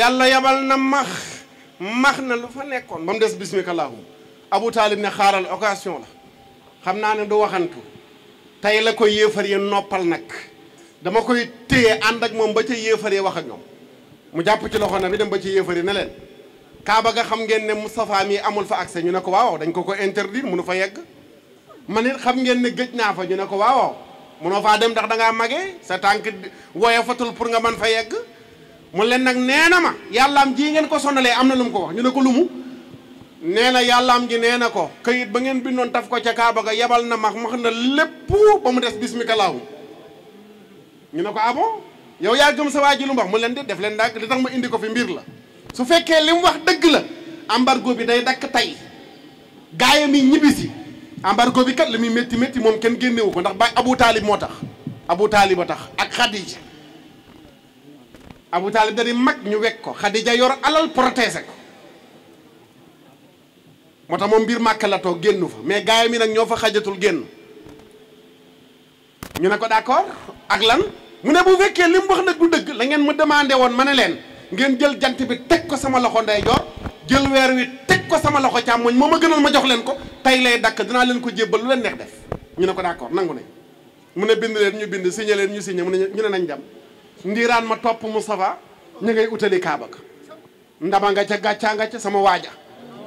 yàlla yabal na max max na lu fa nekkoon ba mu des bismikallaahu abu taalib ne xaaral occasion la xam naa ne du waxantu tey la koy yéefar yi noppal nag dama koy téye ànd ak moom ba ca yéefar yi wax ak ñoom mu jàpp ci loxo na bi dem ba ci yéefar yi leen kaaba ga xam ngeen ne Moustapha mii amul fa accès ñu ne ko waaw dañ ko ko interdire munu fa yegg man it xam ngeen ne gëj naa fa ñu ne ko waaw munoo faa dem ndax da ngaa magee sa tànk woyofatul pour nga man fa yegg mu leen nag nee na ma yàllaam ji ngeen ko sonnalee am na lu mu ko wax ñu ne ko lu mu nee na yàllaam ji nee na ko kayit ba ngeen bindoon taf ko ca Kaaba ga yebal na max max na lépp ba mu des bismika laahum ñu ne ko ah yow yaa gëm sa waa ji mu wax mu leen di def leen daag li tax ma indi ko fi mbir la su fekkee li mu wax dëgg la embargo bi day dakk tey gaayam yi ñibbisi embargo bi kat la muy metti métti moom kenn génnewu ko ndax ba Abu Taalib moo tax Abu Taalib a tax ak Xadija Abu Taalib da mag ñu wekk ko Xadija yor alal protéger ko moo tax moom mbir màkk la toog génnu fa mais gaay mi nag ñoo fa xajatul génn ñu ne ko d'accord ak lan mu ne bu fekkee li mu wax nag du dëgg la ngeen ma demandé woon ma ne leen ngeen jël jant bi teg ko sama loxo ndey ndeyjoor jël weer wi teg ko sama loxo càmmoñ moo a gënal ma jox leen ko tey lay dakk dinaa leen ko jébbal lu leen neex def ñu ne ko d'accord nangu ne mu ne bind leen ñu bind signé ñu signé mu ñu ne nañ jàmm ndiiraan ma topp Moustapha ñu ngay utali Kaaba ga ndama nga ca gàccaa nga ca sama waaja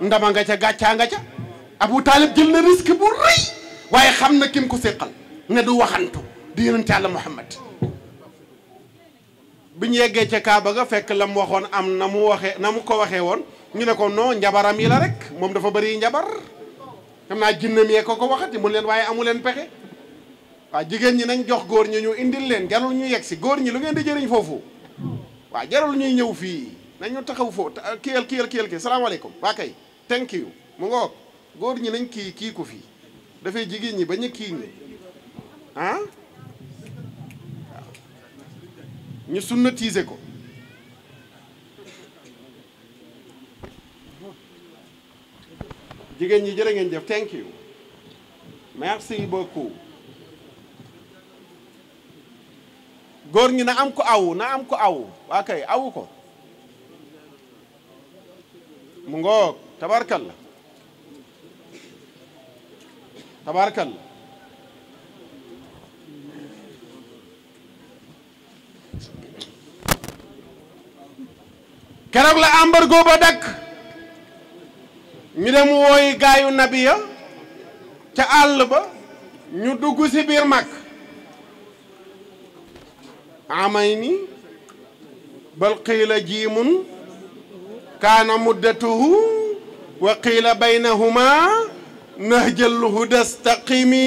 ndama nga ca gàccaa nga ca Abu Taalib jël na risque bu rëy waaye xam na kim ko séqal ne du waxantu di ca Yàlla Muhammad bi ñu yeggee ca Kaaba ga fekk la mu waxoon am na mu waxee na mu ko waxee woon ñu ne ko noo njabaram yi la rek moom dafa bari njabar xam naa jinne mi ko ko waxati mu leen waaye amu leen pexe waa jigéen ñi nañ jox góor ñi ñu indil leen jarul ñu yegg si góor ñi lu ngeen di jëriñ foofu waaw jarul ñuy ñëw fii nañu taxaw foofu euh, kiyal kiyal kiyal ki salaamaaleykum waa kay thank you mu nga wok góor ñi nañ kii kii ko fii dafay jigéen ñi bañ a kii ñi ah ñu sunnatiser ko jigéen ñi jërë ngeen jëf thank you merci beaucoup góor ñi na am ko awu na am ko awu waa kay awu ko mu ngoog tabarkalla tabarkalla keroog la embargo ba dakk ñu dem wooyi gaayu nabiya ca àll ba ñu dugg ci biir mag amayni bal qiila jiimun kaana muddatuhu wa qiila baynahuma nahjal hudastaqimi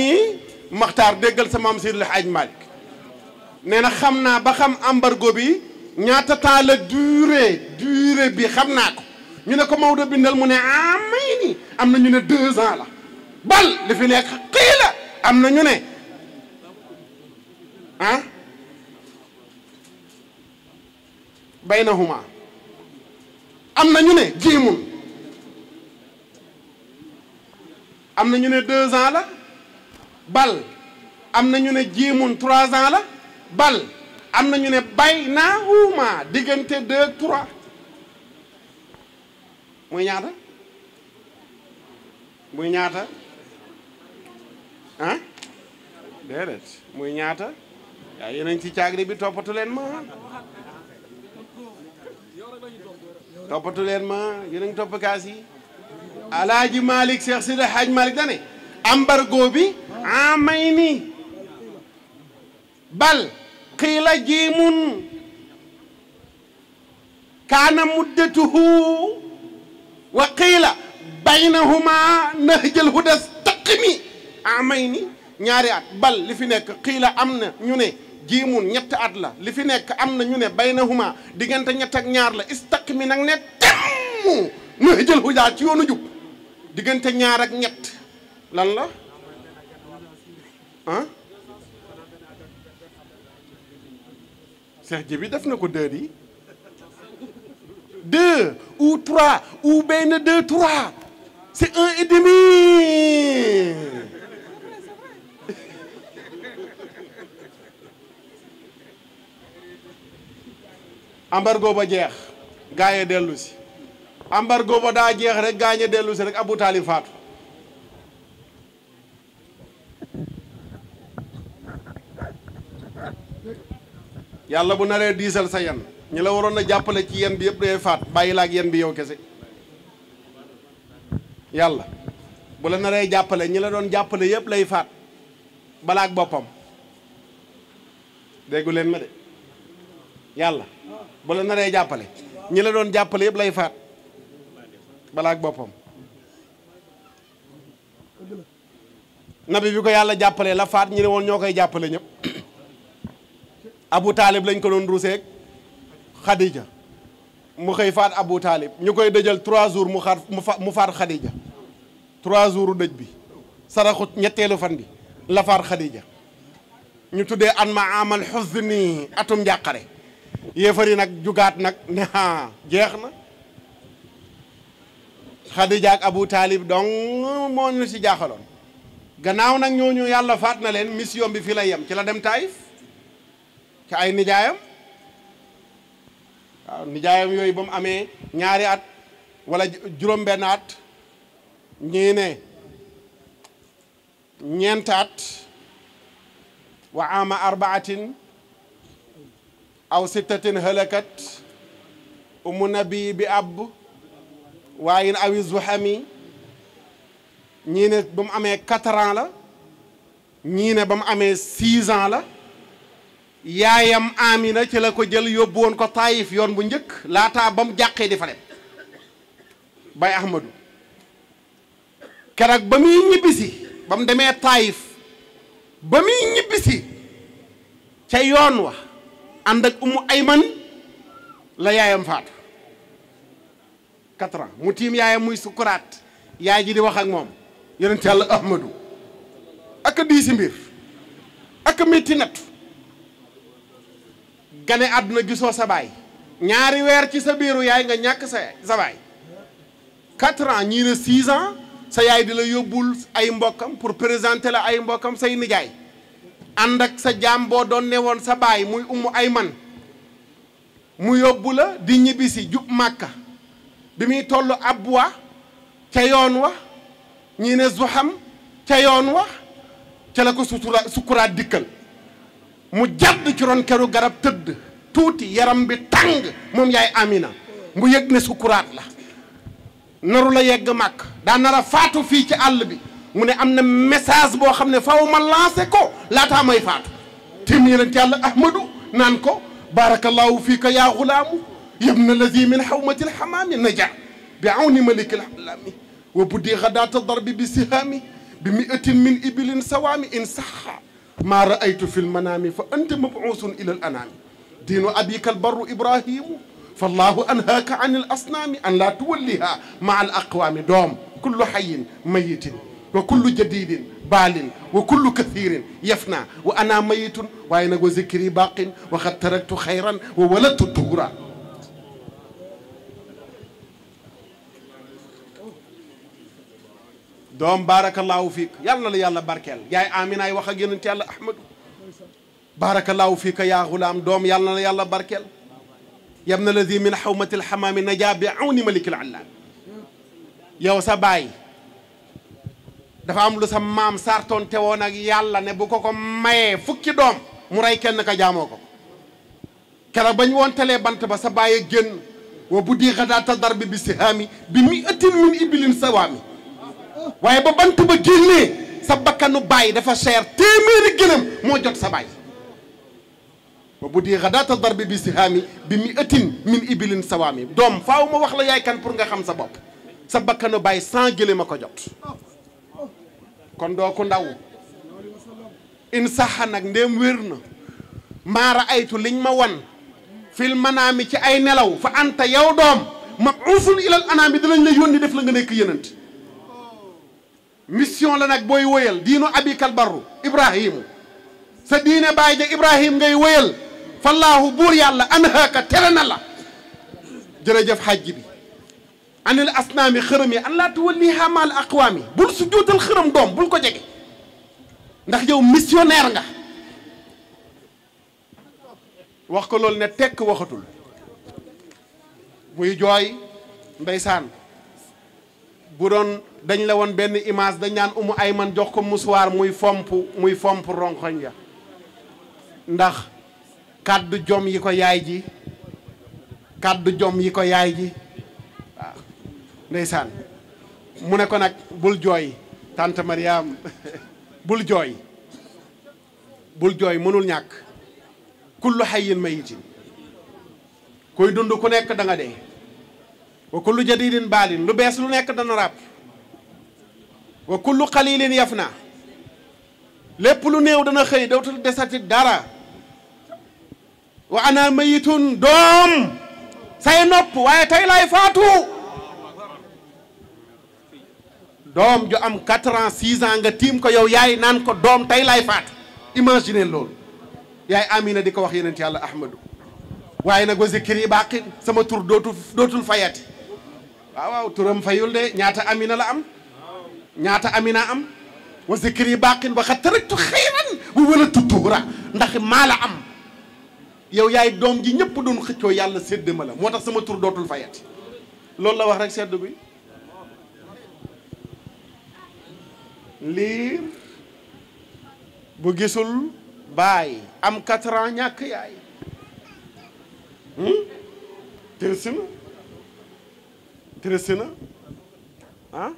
maxtaar déggal sa maam Seydil Hadj Malick nee na xam naa ba xam ambargo bi ñaata temps la durée bi xam naa ko ñu ne ko Maodo bindal mu ne amayni am na ñu ne deux la bal li fi nekk qiila am na ñu ne ah bay na baynahuma am na ñu ne jiimun am na ñu ne deux ans la bal am na ñu ne jiimun trois ans la bal am na ñu ne baynahuma diggante deux ak trois muy ñaata muy ñaata ah déedéet muy ñaata yaa yéen a ci caagri bi toppatu leen ma toppatu leen ma yéen a ngi yi alaaji Malick Cheikh Sidi Hadj Malick dane embargo bi amay ni bal xiila jiimun kaana muddatuhu wa xiila baynahuma nahjal hudas taqimi amay ni ñaari at bal li fi nekk xiila am na ñu ne jiimun ñett at la li fi nekk am na ñu ne bay na huma diggante ñett ak ñaar la istak mi nag ne temm na jël hujaa ci yoonu jub diggante ñaar ak ñett lan la ah Cheikh Jibi def na ko deux yi deux ou trois ou benn deux trois c'est un et embargo ba jeex gaañe dellu si embargo ba daa jeex rek gaañe dellu si rek Abu Taalib faatu yàlla bu naree diisal sa yan ñi la waroon a jàppale ci yan bi yëpp day faat bàyyi laa ak yan bi yow kese yàlla bu la naree jàppale ñi la doon jàppale yëpp lay faat balaak boppam déggu leen ma de yàlla bala la jàppale ñi la doon jàppale yëpp lay faat balaak boppam nabi bi ko yàlla jàppalee la faat ñi ne woon ñoo koy jàppale ñëpp abu taalib lañ ko doon ruuseeg xadija mu xëy faat abu taalib ñu koy dëjal trois jours mu xaar mu faat xadija trois jours dëj bi saraxu ñetteelu fan bi la faat xadija ñu tuddee an ma amal xuzni atum njàqare yéefar nag jugaat nag ne ah jeex na Xadija ak Abu Taalib donc moo ñu si jaaxaloon gannaaw nag ñooñu yàlla faat na leen mission bi fi la yem ci la dem Taïf ci ay nijaayam waaw nijaayam yooyu ba amee ñaari at wala juróom-benn at ñii ne wa ama arbaatin aw sittatin halakat umu nabi bi ab waayin awi zuhami ñii ne amee quatre la ñiine ne ba mu amee six ans la yaayam amina ci la ko jël yóbbu ko taayif yoon bu njëkk laataa ba mu jàqee di fa dem bay ahmadu keroog ba ñibbisi ba demee taayif ba ñibbisi ca yoon wa ànd ak umu ayman la yaayam faatu quatre ans mu tiim yaayam muy sukuraat yaay ji di wax ak moom yonent yàlla ahmadu ak a diisi mbir ak a métti gane àdduna gisoo sa baay ñaari weer ci sa biiru yaay nga ñàkk sa sa baay quatre ans ñii ne ans sa yaay di la yóbbul ay mbokkam pour présenter la ay mbokkam say nijaay ànd ak sa jaam boo doon ne woon sa baay muy ummu ay man mu yóbbu la di ñibbisi jub màkka bi muy toll ab ca yoon wa ñii ne zuxam ca yoon wa ca la ko sutura sukkuraat mu jàdd ci ron keru garab tëdd tuuti yaram bi tàng moom mu yëg ne sukkuraat la naru la yegg màkk daa nar faatu fii ci àll bi mu ne am na message boo xam ne faw ma lancé ko laataa may faatu tim yonent yàlla ahmadou naan ko barakallahu fiika yaa xulaamu yabna lazi min xawmati lxamaami naja bi awni maliki lxalaami wa buddi xadaata darbi bi sihaami bi mi atin min ibilin sawaami in saxa maa raaytu fi lmanaami fa anta mabuusun ila l anaami diinu abika albarru ibrahimu fallahu anhaaka an al asnaami an laa tuwalliha maa al aqwaami doom kullu xayin mayitin wa kullu jadidin baalin wa kullu kathirin yafna wa ana mayitun waaye nag wa zikri baqin wa xad taraktu xayran wa walatu tuura doom baarakallaahu fiik yàlla na la yàlla barkeel yaay aminaay wax ak yonent yàlla ahmadu baarakallaahu fiika yaa xulaam doom yàlla na la yàlla barkeel yam na la zi min xawmati alxamaami najaa bi awni malikil allaam yow sa baay dafa am lu sa maam sartoon te woon ak yàlla ne bu ko ko mayee fukki doom mu rey kenn ka jaamoo ko keroog bañ woon telee bant ba sa bàyyi génn wa bu dii xadaata dar bi bi sihaami bi mi ëttin min ibilin waaye ba bant ba génnee sa bakkanu bàyyi dafa cher téeméeri gënam moo jot sa bàyyi wa bu dii xadaata dar bi bi sihaami bi mi ëttin min ibilin sawaami doom faaw ma wax la yaay kan pour nga xam sa bopp sa bakkanu bàyyi sa gëlé ma ko jot kon doo ko ndaw in saxa nag ndéem wér na maara aytu liñ ma wan fil ci ay nelaw fa anta yow doom ma usul ilal anaam bi danañ la yónni def la nga nekk yënant mission la nag booy wëyal diinu abikal barru ibrahimu sa diine baay ja ibrahim ngay wëyal fallaahu buur yàlla anhaaka tere na la jërëjëf xajji bi anil asnaami xërëm yi an laa tuwalliha maal aqwaami bul su juutal xërëm doom bul ko jege ndax yow missionnaire nga wax ko loolu ne tekk waxatul muy jooy ndeysaan bu doon dañ la woon benn image dañ naan umu ay man jox ko musuwaar muy fomp muy fomp ronkoñ ya ndax kàddu jom yi ko yaay ji kàddu jom yi ko yaay ji ndeysaan mu ne ko nag bul jooy tante Mariam [laughs] bul jooy bul jooy mënul ñàkk kullu hayyin mayitin kuy dund ku nekk danga nga dee wa kullu jadidin baalin lu bees lu nekk dana ràpp wa kullu xalilin yaf na lépp lu néew dana xëy dootul desati dara wa ana mayitun doom say nopp waaye tey faatu doom ju am 4 ans 6 ans nga tiim ko yow yaay naan ko doom tey laay faat imagine loolu yaay Amina di ko wax yeneen ci yàlla Ahmadou waaye nag wa zikri baqin sama tur dootul dootul fayati waaw waaw turam fayul de ñaata Amina la am ñaata Amina am wa zikri baqin wa qad taraktu xayran wa walatu tuura ndax maa la am yow yaay doom ji ñëpp doon xëccoo yàlla sédd ma la moo tax sama tur dootul fayati loolu la wax rek sedd bi liir bu gisul baay am quatre ans ñàkk yaay hmm? triste na triste na ah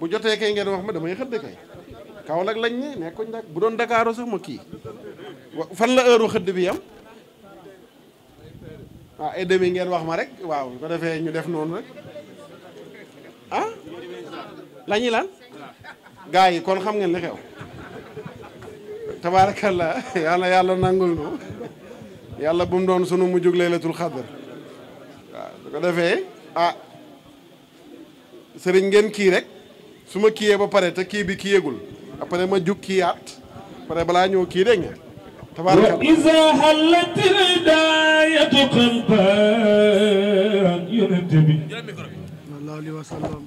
bu jotee kay ngeen wax ma damay xëdd kay Kaolack lañ ne nekkuñ nag bu doon Dakaaru sax ma kii fan la heure xëdd bi yam waaw ah, et ngeen wax ma rek waaw ko defee ñu def noonu rek ah lañu lan gaa yi kon xam ngeen li xew tabaarakallaa yàlla yàlla nangul nu yàlla bu mu doon sunu mujjug laylatul xadr waaw su ko defee ah sëriñ ngeen kii rek su ma kiiyee ba pare te kii bi kiiyegul après ma jug kiiyaat pare balaa ñëw kii dégg nga tabaarakallaa wa isa hallat ridayatu xalban yonente bi sallallahu alayhi wa sallam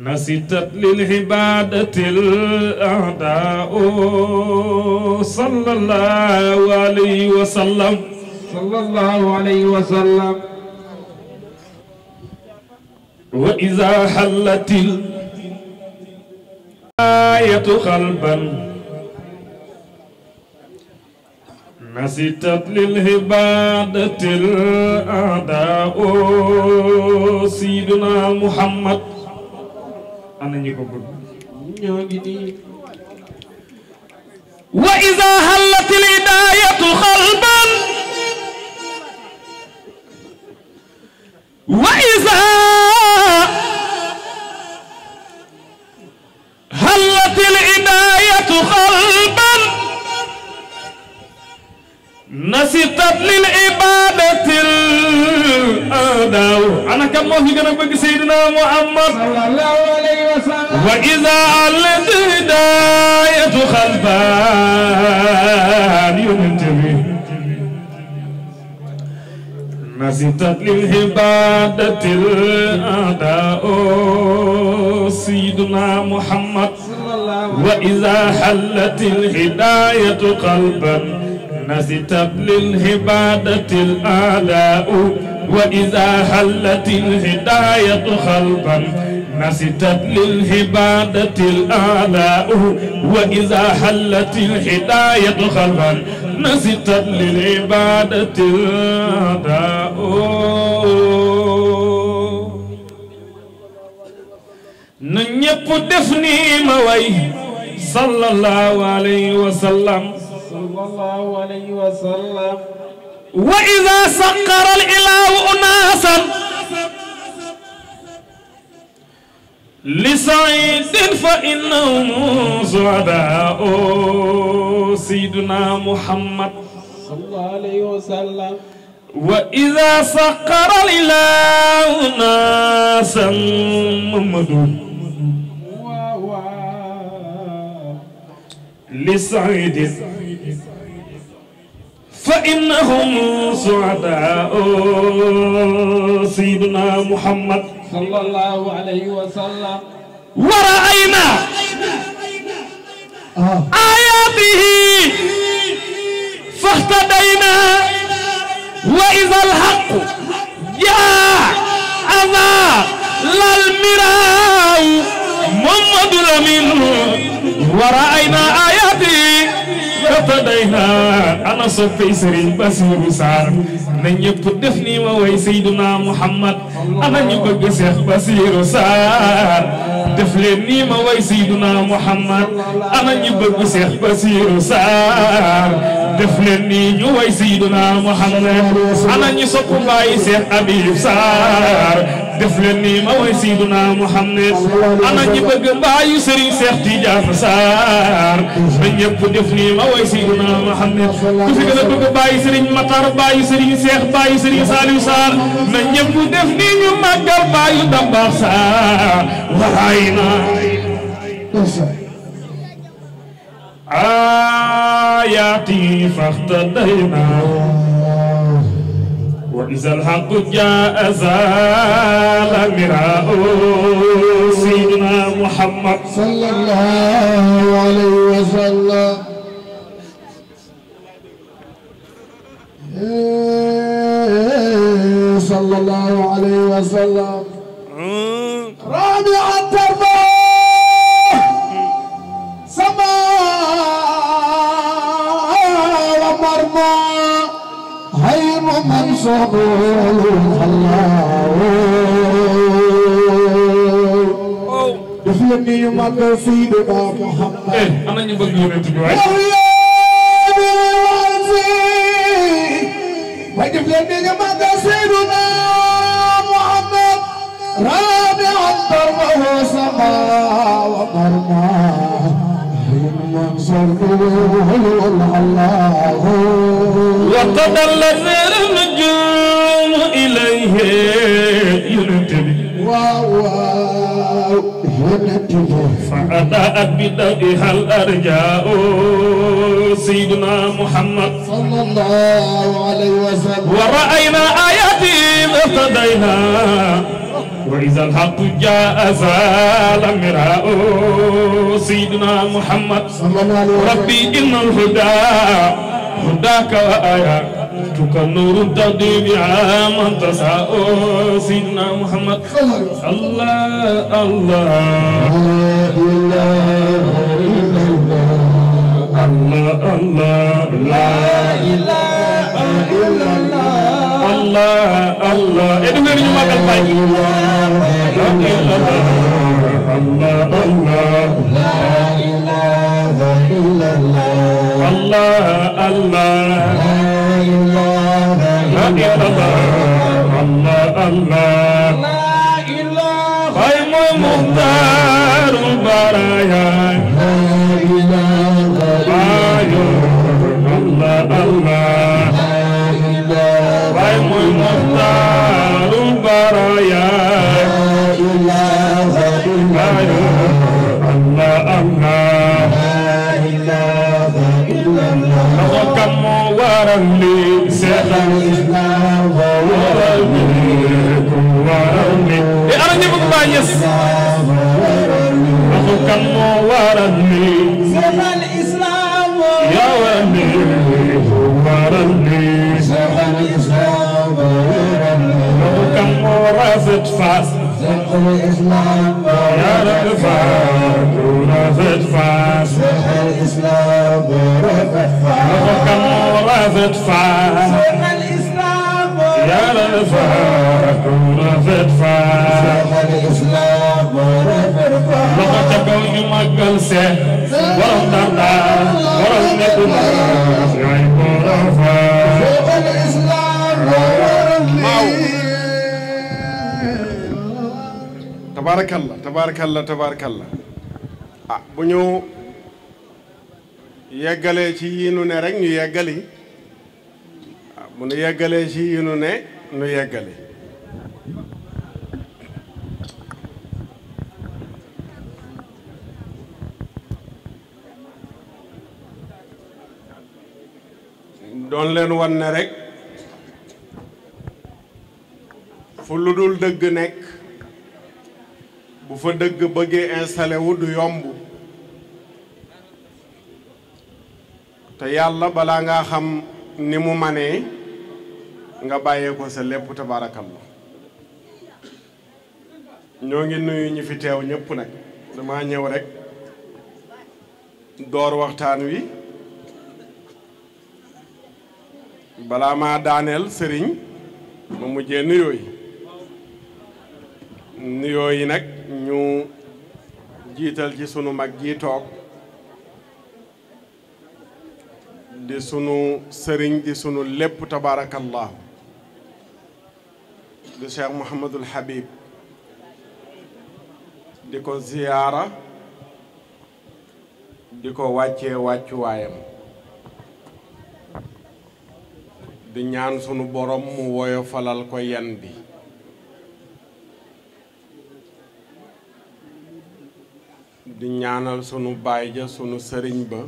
نسيتت للعبادة الأعداء صلى الله عليه وسلم صلى الله عليه وسلم وإذا حلت الآية قلبا نسيتت للعبادة الأعداء سيدنا محمد ana ñi ko bëgg ñoo ngi nii wa iza hallat al hidayatu qalban wa iza hallat al hidayatu qalban nasitat lil ibadatil adaw ana kan moo fi gën a bëgg Seydina Muhammad sallallahu alayhi wa sallam wa iza alat hidayatu xalban yonent bi nasitat lil ibadatil adaw Seydina Muhammad wa iza hallatil hidayatu qalban نسيت للعبادة الآلاء وإذا حلت الهداية خلقا نسيت للعبادة الآلاء وإذا حلت الهداية خلقا نسيت للعبادة الآلاء na ñépp def ni ma way sallallahu alayhi wa sallam sallallahu alayhi wa sallam wa idha saqqara al-ilahu unasan li sa'idin fa innahum su'ada'u sayyidina muhammad sallallahu alayhi wa sallam وإذا سقر الإله ناسا محمد لسعيد فإنهم سعداء سيدنا محمد صلى الله عليه وسلم ورأينا آياته فاهتدينا وإذا الحق جاء أذى المراء محمد الأمين ورأينا آياته فديها أنا صفي سرين بسير سار نن يب دفني ووي سيدنا محمد أنا نيبغ شيخ بسير سار دفلني ما وي سيدنا محمد أنا نيبغ شيخ بسير سار دفلني ني وي سيدنا محمد أنا ني صف باي شيخ أبي سار def leen nii ma way Seydina Muhammad ana ñi bëgg mbaayu Serigne Cheikh Tidiane Sarr ba ñëpp def nii ma way Seydina Muhammad ku fi gën a bëgg mbaayu Serigne Matar mbaayu Serigne Cheikh mbaayu Serigne Saliou Sarr na ñëpp def nii ñu màggal mbaayu Dambaax Sarr waay na آياتي فاقتدينا وإذا الحق جاء زال مراء سيدنا محمد صلى الله عليه وسلم صلى الله عليه وسلم رابعة sabul xalaaw daf leen ni yu mag Seydina Muhammad am na ñu bëgg yonent bi waay waaye daf leen ni yu mag Seydina Muhammad rabi an darbahu sama wa marmaa وقد الذر النجوم إليه يرتب فأداءت بدائها الأرجاء سيدنا محمد صلى الله عليه وسلم ورأينا آياته اقتديها وإذا الحق جاء زال مراء سيدنا محمد ربي إن الهدى هداك وآياتك نور تهدي بها من تسعى سيدنا محمد الله الله لا إله إلا الله الله الله لا إله إلا الله allah allah e ɗum ɓeɓe ñumagal baji allah allah allah allah allah allah وربي سحر الله وربي وربي يا أرني بكبايس أخوك الله وربي سحر الإسلام يا ربي وربي سحر الإسلام وربي أخوك الله رافت فاس سبق الإسلام يا رب فاس ورافد فاس سبق الإسلام ورافد فاس وكم ورافد فاس سبق الإسلام يا رب فاس ورافد فاس سبق الإسلام ورافد فاس لقد كوني مقل سه ورم دردار ورم نتنا يا رب فاس سبق الإسلام ورافد tabaarakalla tabaarakalla tabaarakalla ah bu ñu yeggalee ci yi ne rek ñu yeggali ah bu nu yeggalee ci yi ne nu yeggali doon leen wan ne rek fu lu dul dëgg nekk bu fa dëgg bëggee installé wu du yomb te yàlla balaa ngaa xam ni mu manee nga bàyyee sa lépp tabarakallah ñoo ngi nuyu ñu fi teew ñëpp nag dama ñëw rekk door waxtaan wi balaa maa daaneel sëriñ ma mujjee nuyoo yi nuyoo yi nag ñu jiital ci sunu mag ji toog di sunu sëriñ di sunu lépp tabaarakallahu di cheikh Mouhamadul Habib di ko ziyaara di ko wàccee wàccuwaayam di ñaan sunu borom mu woyofalal ko yen bi di ñaanal sunu baay ja sunu sëriñ ba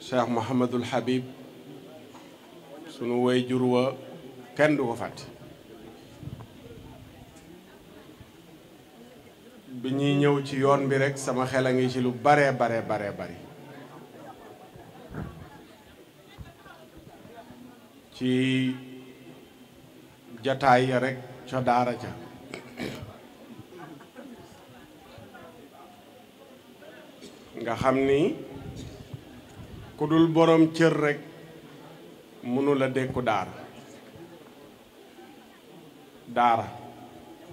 Cheikh Mouhamadul Habib sunu wayjur wa kenn du ko fàtte bi ñuy ñëw ci yoon bi rekk sama xel a ngi ci lu bare bare bare bari ci jataay ya rekk ca daara ca nga xam ni ku dul borom cër rekk mënul dékku daara daara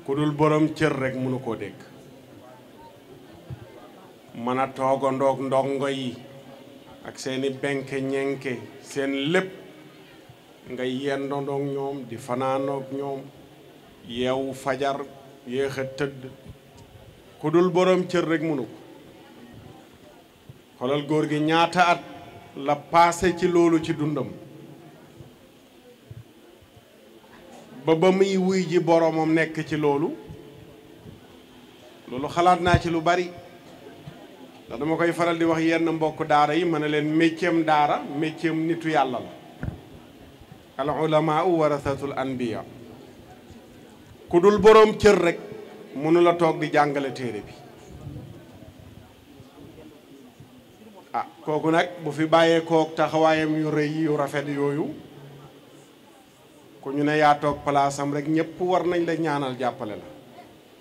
ku dul borom cër rekk mënu koo dékk mën a toogandoog ndongo yi ak seeni benke ñenke seen lépp nga yendandoog ñoom di fanaanoog ñoom yeewu fajar yéexa a tëdd ku dul borom cër rekk mënu ko xoolal góor gi ñaata at la paase ci loolu ci dundam ba ba muy wuy ji boroomam nekk ci loolu loolu xalaat naa ci lu bari ndax dama koy faral di wax yenn mbokk daara yi ma ne leen mécceem daara mécceem nitu yàlla la al ulamaa warasatul anbiya ku dul boroom cër rek mënula toog di jàngale téere bi kooku nag bu fi bàyyee kook taxawaayam yu rëy yu rafet yooyu ku ñu ne yaa toog place am rek ñëpp war nañ la ñaanal jàppale la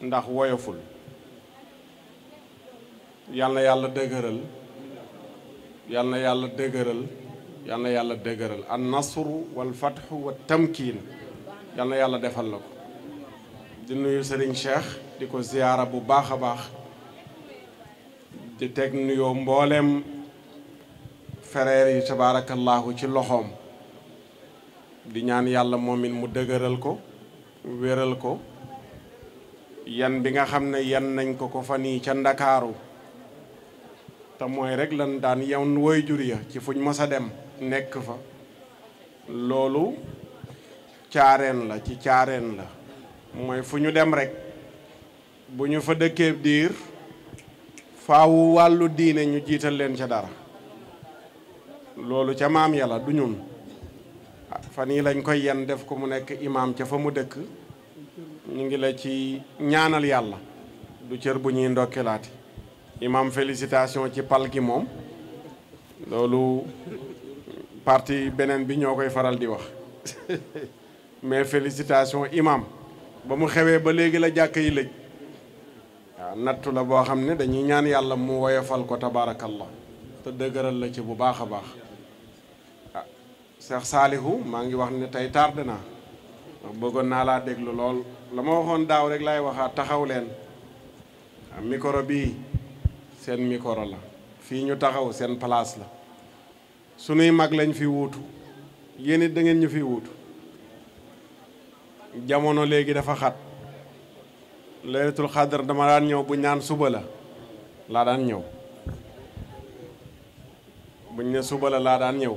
ndax woyoful yàlla yàlla dëgëral yal na yàlla dëgëral yal yàlla dëgëral an nasru wal fatxu wa tamkiin yal yàlla defal la ko di nuyu Serigne Cheikh di ko ziyaara bu baax a baax di teg nuyoo mbooleem fereer yi tabaarakallaahu ci loxoom di ñaan yàlla moom it mu dëgëral ko wéral ko yan bi nga xam ne yan nañ ko ko fa nii ca ndakaaru te mooy rekk lan daan yan woy jur ya ci fuñ mës a dem nekk fa loolu caareen la ci caareen la mooy fu ñu dem rekk bu ñu fa dëkkee diir faawu wàllu diine ñu jiital leen ca dara loolu ca maam yàlla du ñun fan yi lañ koy yenn def ko mu nekk imaam ca fa mu dëkk ñu ngi la ci ñaanal yàlla du cër bu ñuy ndokkelaati imaam félicitation ci pal gi moom loolu parti beneen bi ñoo koy faral di wax [laughs] mais félicitation imaam ba mu xewee ba léegi la jàkk yi lëj waaw nattu la boo xam ne dañuy ñaan yàlla mu woyofal ko tabaarakallah te dëgëral la ci bu baax a baax Cheikh Saalihu maa ngi wax ne tey tardé naa ndax bëggoon naa laa déglu lool la ma waxoon daaw rek laay waxaat taxaw leen ah, micro bii seen mikoro la fii ñu taxaw seen place la sunuy mag lañ fi wuutu yéen it da ñu fi wuutu jamono léegi dafa xat laylatul xadar dama daan ñëw bu ñaan suba la laa daan ñëw buñ ne suba la laa daan ñëw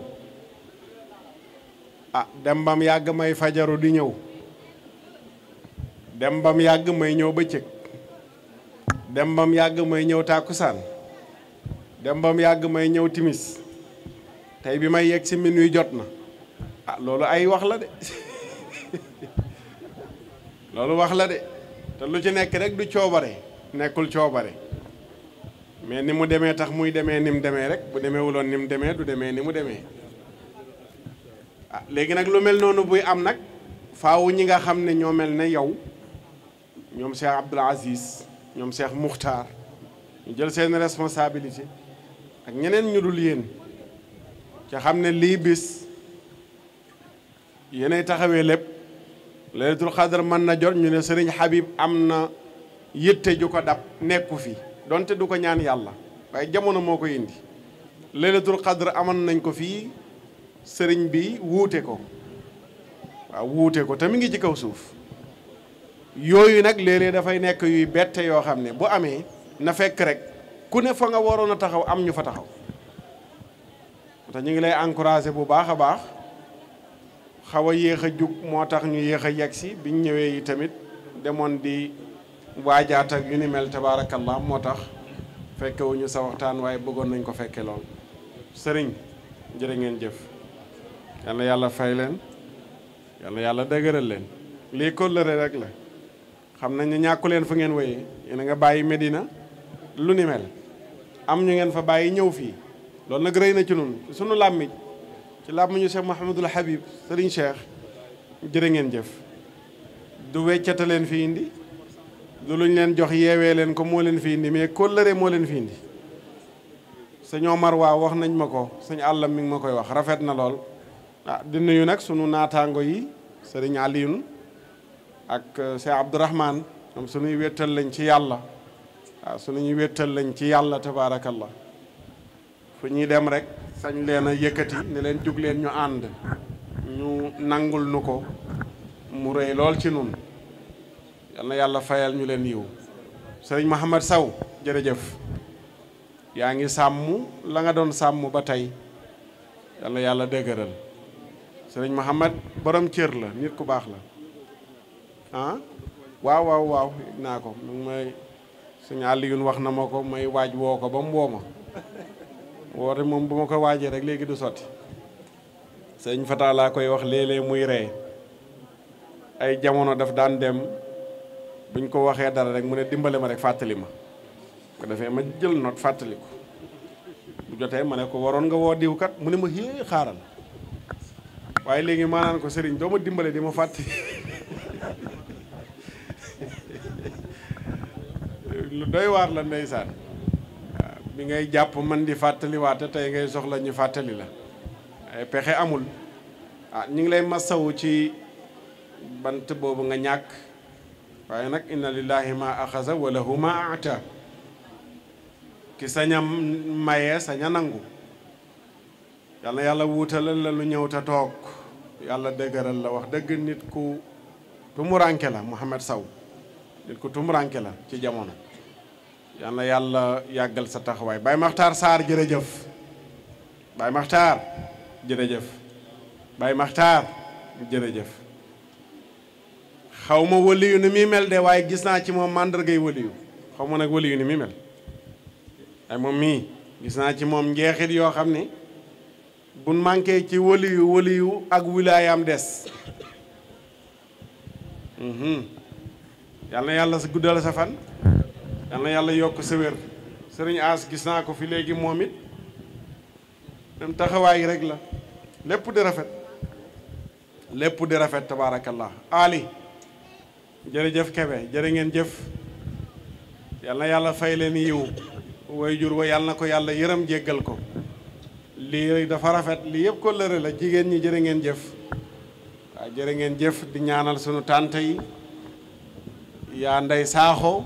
ah dem yàgg may fajaru di ñëw dem bam yàgg may ñëw bëccëg dem bam yàgg may ñëw tàkkusaan dem bam yàgg may ñëw timis tey bi may yegg si minuit jot na ah loolu ay wax la de [laughs] loolu wax la de te lu ci nekk rek du coobare nekkul coobare mais ni mu demee tax muy demee ni mu demee rek bu demee wuloon ni mu demee du demee ni mu demee ah léegi nag lu mel noonu buy am nag faaw ñi nga xam ne ñoo mel ne yow ñoom Cheikh Abdoul Aziz ñoom Cheikh Moukhtar ñu jël seen responsabilité ak ñeneen ñu dul yéen ca xam ne lii bis yéenay taxawee lépp laylatul xadar mën na jot ñu ne sëriñ Habib am na yitte ju ko dab nekku fi donte du ko ñaan yàlla waaye jamono moo ko indi laylatul xadar amoon nañ ko fii sëriñ bi wuute ko waaw wuute ko te mi ngi ci kaw suuf yooyu nag léeg-léeg dafay nekk yuy bette yoo xam ne bu amee na fekk rek ku ne fa nga waroon a taxaw am ñu fa taxaw te ñu ngi lay encouragé bu baax a baax xaw a yéex a jug moo tax ñu yéex a yegg si biñ ñëwee yi tamit demoon di waajaat ak yu ni mel tabaarakallah moo tax fekkewuñu sa waxtaan waaye bëggoon nañ ko fekkee lool sëriñ jërë ngeen jëf yal yàlla fay leen yal na yàlla dëgëral leen lii kóllëre rek la xam nañ ne ñàkku leen fu ngeen wéyee yéen a nga bàyyi Medina lu ni mel am ñu ngeen fa bàyyi ñëw fii loolu nag rëy na ci nun sunu làmmiñ ci làmmiñu Cheikh Mouhamadul Habib Serigne Cheikh jërë ngeen jëf du weccata leen fi indi du luñ leen jox yeewee leen ko moo leen fi indi mais kóllëre moo leen fi indi sëñ mar waa wax nañ ma ko sëñ àllam mi ma koy wax rafet na lool ah di nuyu nag sunu naataango yi sëriñ Alioune ak euh, Cheikh Abdourahmane ñoom sunuy wéttal lañ ci yàlla ah, sunu ñuy wéttal lañ ci yàlla tabaarakallah fu ñuy dem rek sañ leen a yëkkati ne leen jug leen ñu ànd ñu nangul nu ko mu rëy lool ci nun yàlla fayal ñu leen yiw sëriñ Mouhamed Sow jërëjëf yaa ngi sàmm la nga doon sàmm ba tey yal yàlla dëgëral sëriñ Mouhamad borom cër la nit ku baax la ah waaw waaw waaw naa ko mu ngi may sëñ Alioune wax na ma ko may waaj woo ko ba mu woo ma woote moom bu ma ko waajee rek léegi du sotti sëñ Fata laa koy wax léeg-léeg muy ree ay jamono daf daan dem buñ ko waxee dara rek mu ne dimbale ma rek fàttali ma ko defee ma jël note fàttali ko bu jotee ma ne ko waroon nga woo diw kat mu ne ma xii xaaral waaye léegi maanaan ko sëriñ doo ma dimbale di ma fàtte lu doy waar la ndeysaan bi ngay jàpp man di fàttaliwaate tey ngay soxla ñu fàttali la ay pexe amul ah ñu ngi lay masawu ci bant boobu nga ñàkk waaye nag inna lillahi ma axasa wa lahu ma aata ki saña maye saña nangu yal yàlla wuutalal la lu ñëw te toog yàlla dëgëral la wax dëgg nit ku tumuranke la Mouhamed saw nit ku tumuranke la ci jamono yal yàlla yàggal sa taxawaay Baye Makhtar Sarr jërëjëf Baye Makhtar jërëjëf Baye Makhtar jërëjëf xaw ma waliyu ni muy mel de waaye gis naa ci moom màndargay waliyu xaw ma nag waliyu ni muy mel ay moom mii gis naa ci moom njeexit yoo xam ni bu manqué ci waliyu waliyu ak wilaayaam des mhm. yal na yàlla sa guddal sa fan yal na yàlla yokk sa sëriñ As gis naa ko fi léegi moom it même taxawaay rek la lépp di rafet lépp di rafet tabaarakallah Ali jërëjëf Kebe jërë ngeen jëf yal na yàlla fay leen yiw way jur wa yal na ko yàlla yërëm jéggal ko lii dafa rafet lii yëpp kóllëre la jigéen ñi jërë ngeen jëf waaw jërë ngeen jëf di ñaanal sunu tante yi yaa ndey saaxo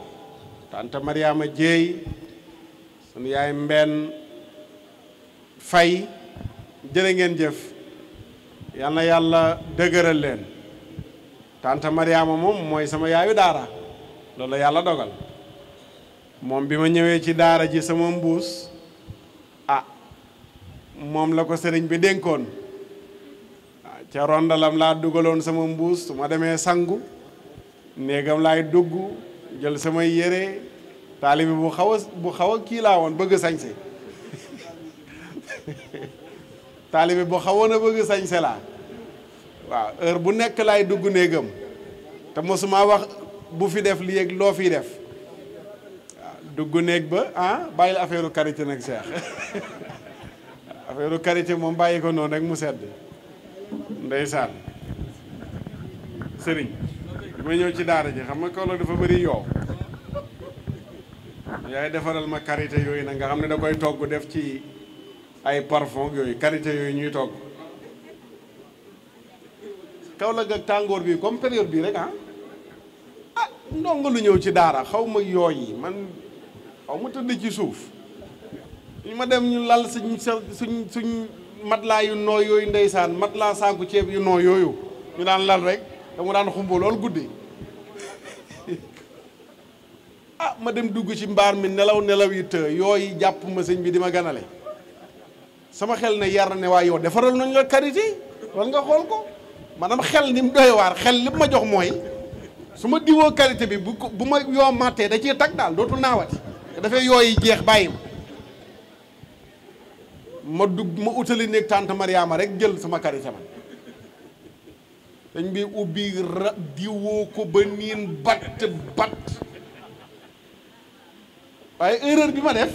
tante Mariama Jéey sunu yaay mbenn fay jërë ngeen jëf yal na yàlla dëgëral leen tante Mariama moom mooy sama yaayu daara loolu yàlla dogal moom bi ma ñëwee ci daara ji sama mbuus moom la ko sëriñ bi dénkoon ah, ca rondalam laa dugaloon sama mbuus su ma demee sangu néegam laay dugg jël samay yére taalibi bu xaw a bu xaw kii laa woon bëgg sañse [laughs] taalibi bu xawoon bëgg sañse laa waaw heure bu nekk laay dugg néegam te mosuma wax bu fi def li yëg loo fi def waaw ah, dugg néeg ba ah bàyyil affaire u karité nag seex [laughs] affaire karité moom bàyyi ko noonu rek mu sedd ndeysaan sëriñ bi ma ñëw ci daara ji xam nga Kaolack dafa bëri yoow yaay defaral ma karité yooyu nag nga xam ne da koy togg def ci ay parfum yooyu karité yooyu ñuy togg la ak tàngoor bi comme période bii rek ah ah ndongo lu ñëw ci daara xaw ma yooy yi man xaw ma tëdd ci suuf ma dem ñu lal suñ sa suñ suñ matelas yu nooy yooyu ndeysaan laa sànku ceeb yu nooy yooyu ñu daan lal rek te mu daan xumbo lool guddi [laughs] ah ma dem dugg ci mbaar mi nelaw nelaw yi të yooyu jàpp ma sëñ bi di ma ganale sama xel ne yar ne waa yow defaral nañ la karité wala nga xool ko maanaam xel ni mu doy xel li ma jox mooy su ma diwoo karité bi bu bu ma yoo mattee da ciy tag daal dootul naawati dafay yooyu jeex bàyyi ma ma dugg ma utali néeg tante Mariama rek jël sama karité man dañ bi ubbi ra diwoo ko ba niin batt batt waaye erreur bi ma def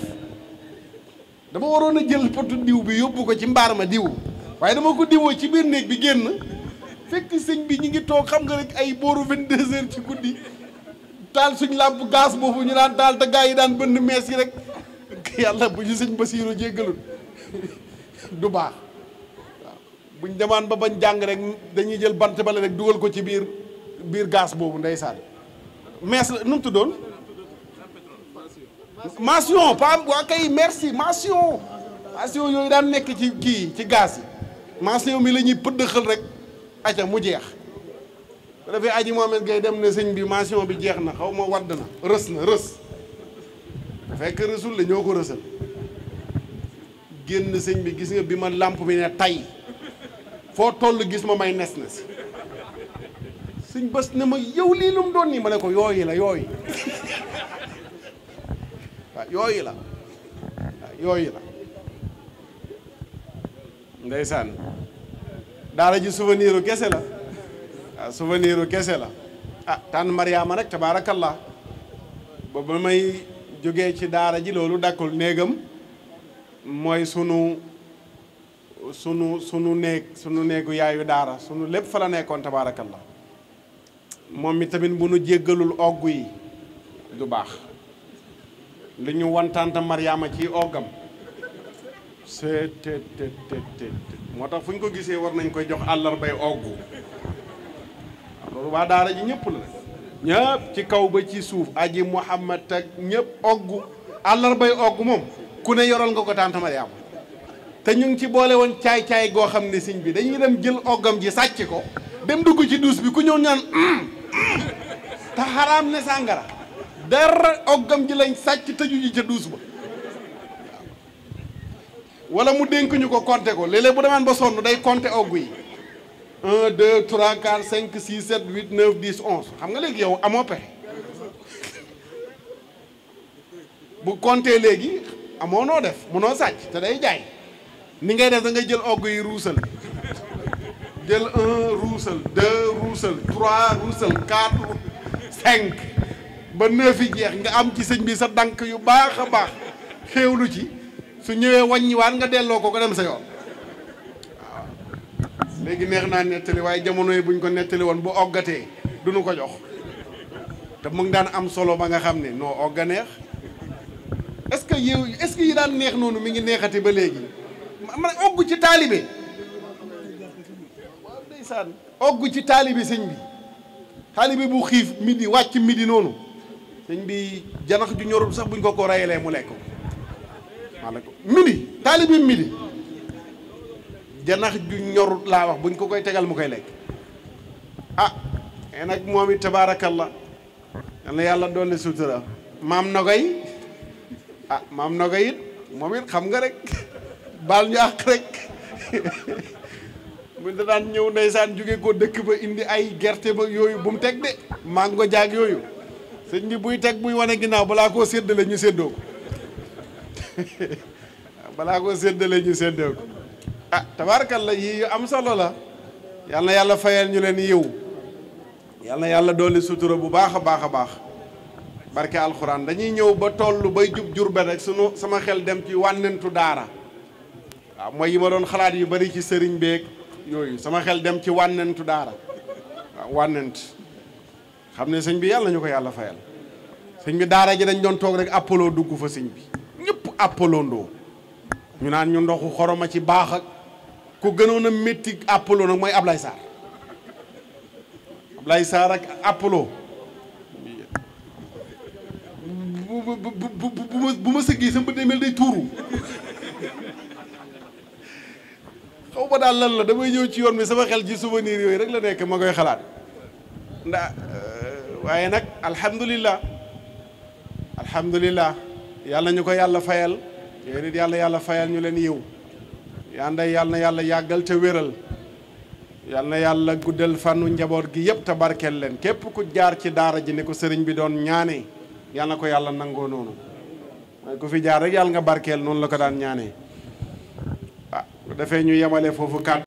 dama waroon a jël potu diw bi yóbbu ko ci mbaar ma diw waaye dama ko diwoo ci biir néeg bi génn fekk sëñ bi ñu ngi toog xam nga rek ay booru 22 heures ci guddi taal suñ làmp gaz boobu ñu daan taal te gaa yi daan bënn mees yi rek [laughs] yàlla bu ñu sëñ Basiiru jéggalul du baax waaw buñ demaan ba bañ jàng rek dañuy jël bant ba la rek dugal ko ci biir biir gaas boobu ndeysaan mees la nu mu tuddoon mention pas waa kay merci mention mention yooyu daan nekk ci kii ci gaz yi mention bi lañuy ñuy pëddëxal rek aca mu jeex bu defee aji Mohamed Gaye dem ne sëñ bi mention bi jeex na xaw ma wadd na rës na rës fekk rësul la ñoo ko rësal génn sëñ bi gis nga bi ma làmp bi ne tay foo toll gis ma may nes na si sëñ ne ma yow lii lu doon nii ma ne ko yooyu la yooyu waaw la waaw yooyu la ndeysaan daara ji souvenir u la waaw souvenir la ah tànn Mariama nag tabaarakallah ba ba may jógee ci daara ji loolu dakkul néegam mooy sunu sunu sunu néeg sunu néegu yaayu daara sunu lépp fa la nekkoon tabaarakallah moom mi tamit bu nu jéggalul ogg yi du baax li ñu wantanta Mariama ci oggam c'est te te te moo tax fu ñu ko gisee war nañ koy jox àllarbay oggu loolu waa daara ji ñëpp la ñëpp ci kaw ba ci suuf aji Muhammad ak ñëpp oggu àllarbay ogg moom ku ne yoral nga ko tante Mariama te ñu ngi ci boole woon caay-caay goo xam ne sëñ bi dañuy dem jël oggam ji sàcc ko dem dugg ci duus bi ku ñëw naan mm, mm, te xaraam ne sàngara dara oggam ji lañ sàcc tëju ji ca duus ba wala mu dénkuñu ko compter ko léeg-léeg bu demaan ba sonn day compter ogg yi 1 2 3 4 5 6 7 8 9 10 11 xam nga léegi yow amoo pexe bu compter léegi amoo noo def munoo sàcc te day jaay ni ngay def da ngay jël ogg yi ruusal jël un ruusal deux ruusal trois ruusal quatre cinq ba neuf yi jeex nga am ci sëñ bi sa dànk yu baax a baax xéewlu ci su ñëwee wàññiwaat nga delloo ko ko dem sa yoon waaw léegi neex naa nettali waaye jamono yi buñ ko nettali woon bu oggatee duñu ko jox te mu ngi daan am solo ba nga xam ne noo ogganeex est-ce que yow est-ce que yi daan neex noonu mi ngi neexati ba léegi man ogg ci taalibe waaw ndeysaan ogg ci taalibe sëñ bi taalibe bu xiif midi wàcc midi noonu sëñ bi janax ju ñorul sax buñ ko ko rayalee mu lekk ko midi taalibe midi janax ju ñorut laa wax buñ ko koy tegal mu koy lekk ah ee nag moom it tabaarakallah yal na yàlla dolli sutura maam na koy ah maam noga it moom it xam nga rek baal ñu àq rek mu da daan ñëw ndeysaan jóge ko dëkk ba indi ay gerte ba yooyu bu mu teg de mango jaag yooyu sëñ bi buy teg buy wane ginnaaw balaa koo séddale ñu seddoo ko [laughs] balaa ko séddale ñu séddoo ko ah tabaarkalla yii yu am solo la yal na yàlla fayal ñu leen yiw yal na yàlla dolli sutura bu baax a baax a baax barke alxuraan dañuy ñëw ba toll bay jub Jurbel rek sunu sama xel dem ci wànnentu daara waaw mooy yi ma doon xalaat yu bari ci sëriñ beeg yooyu sama xel dem ci wànnentu daara waaw wànnent xam ne sëñ bi yàlla ñu ko yàlla fayal sëñ bi daara ji dañ doon toog rek apollo dugg fa sëñ bi ñëpp apollo ndoo ñu naan ñu ndoxu xoroma ci baax ak ku gënoon a métti apollo nag mooy Ablaye Sarr lay Sarr ak apollo bu bu bu ma bu ma sëggee sama bët day mel day tuuru xaw ma daal lan la damay ñëw ci yoon bi sama xel ci souvenir yooyu rek la nekk ma koy xalaat ndax euh, waaye nag alhamdulilah alhamdulilah yàlla ñu ko yàlla fayal yooyu nit yàlla yàlla fayal ñu leen yiw yàlla yàlla na yàlla yàggal te wéral yàlla na yàlla guddal fanu njaboot gi yëpp te barkeel leen képp ku jaar ci daara ji ne ko sëriñ bi doon ñaane yàlla na ko yàlla nangoo noonu waaye ku fi jaar rek yàlla nga barkeel noonu la ko daan ñaane ah defee ñu yemale foofu kàddu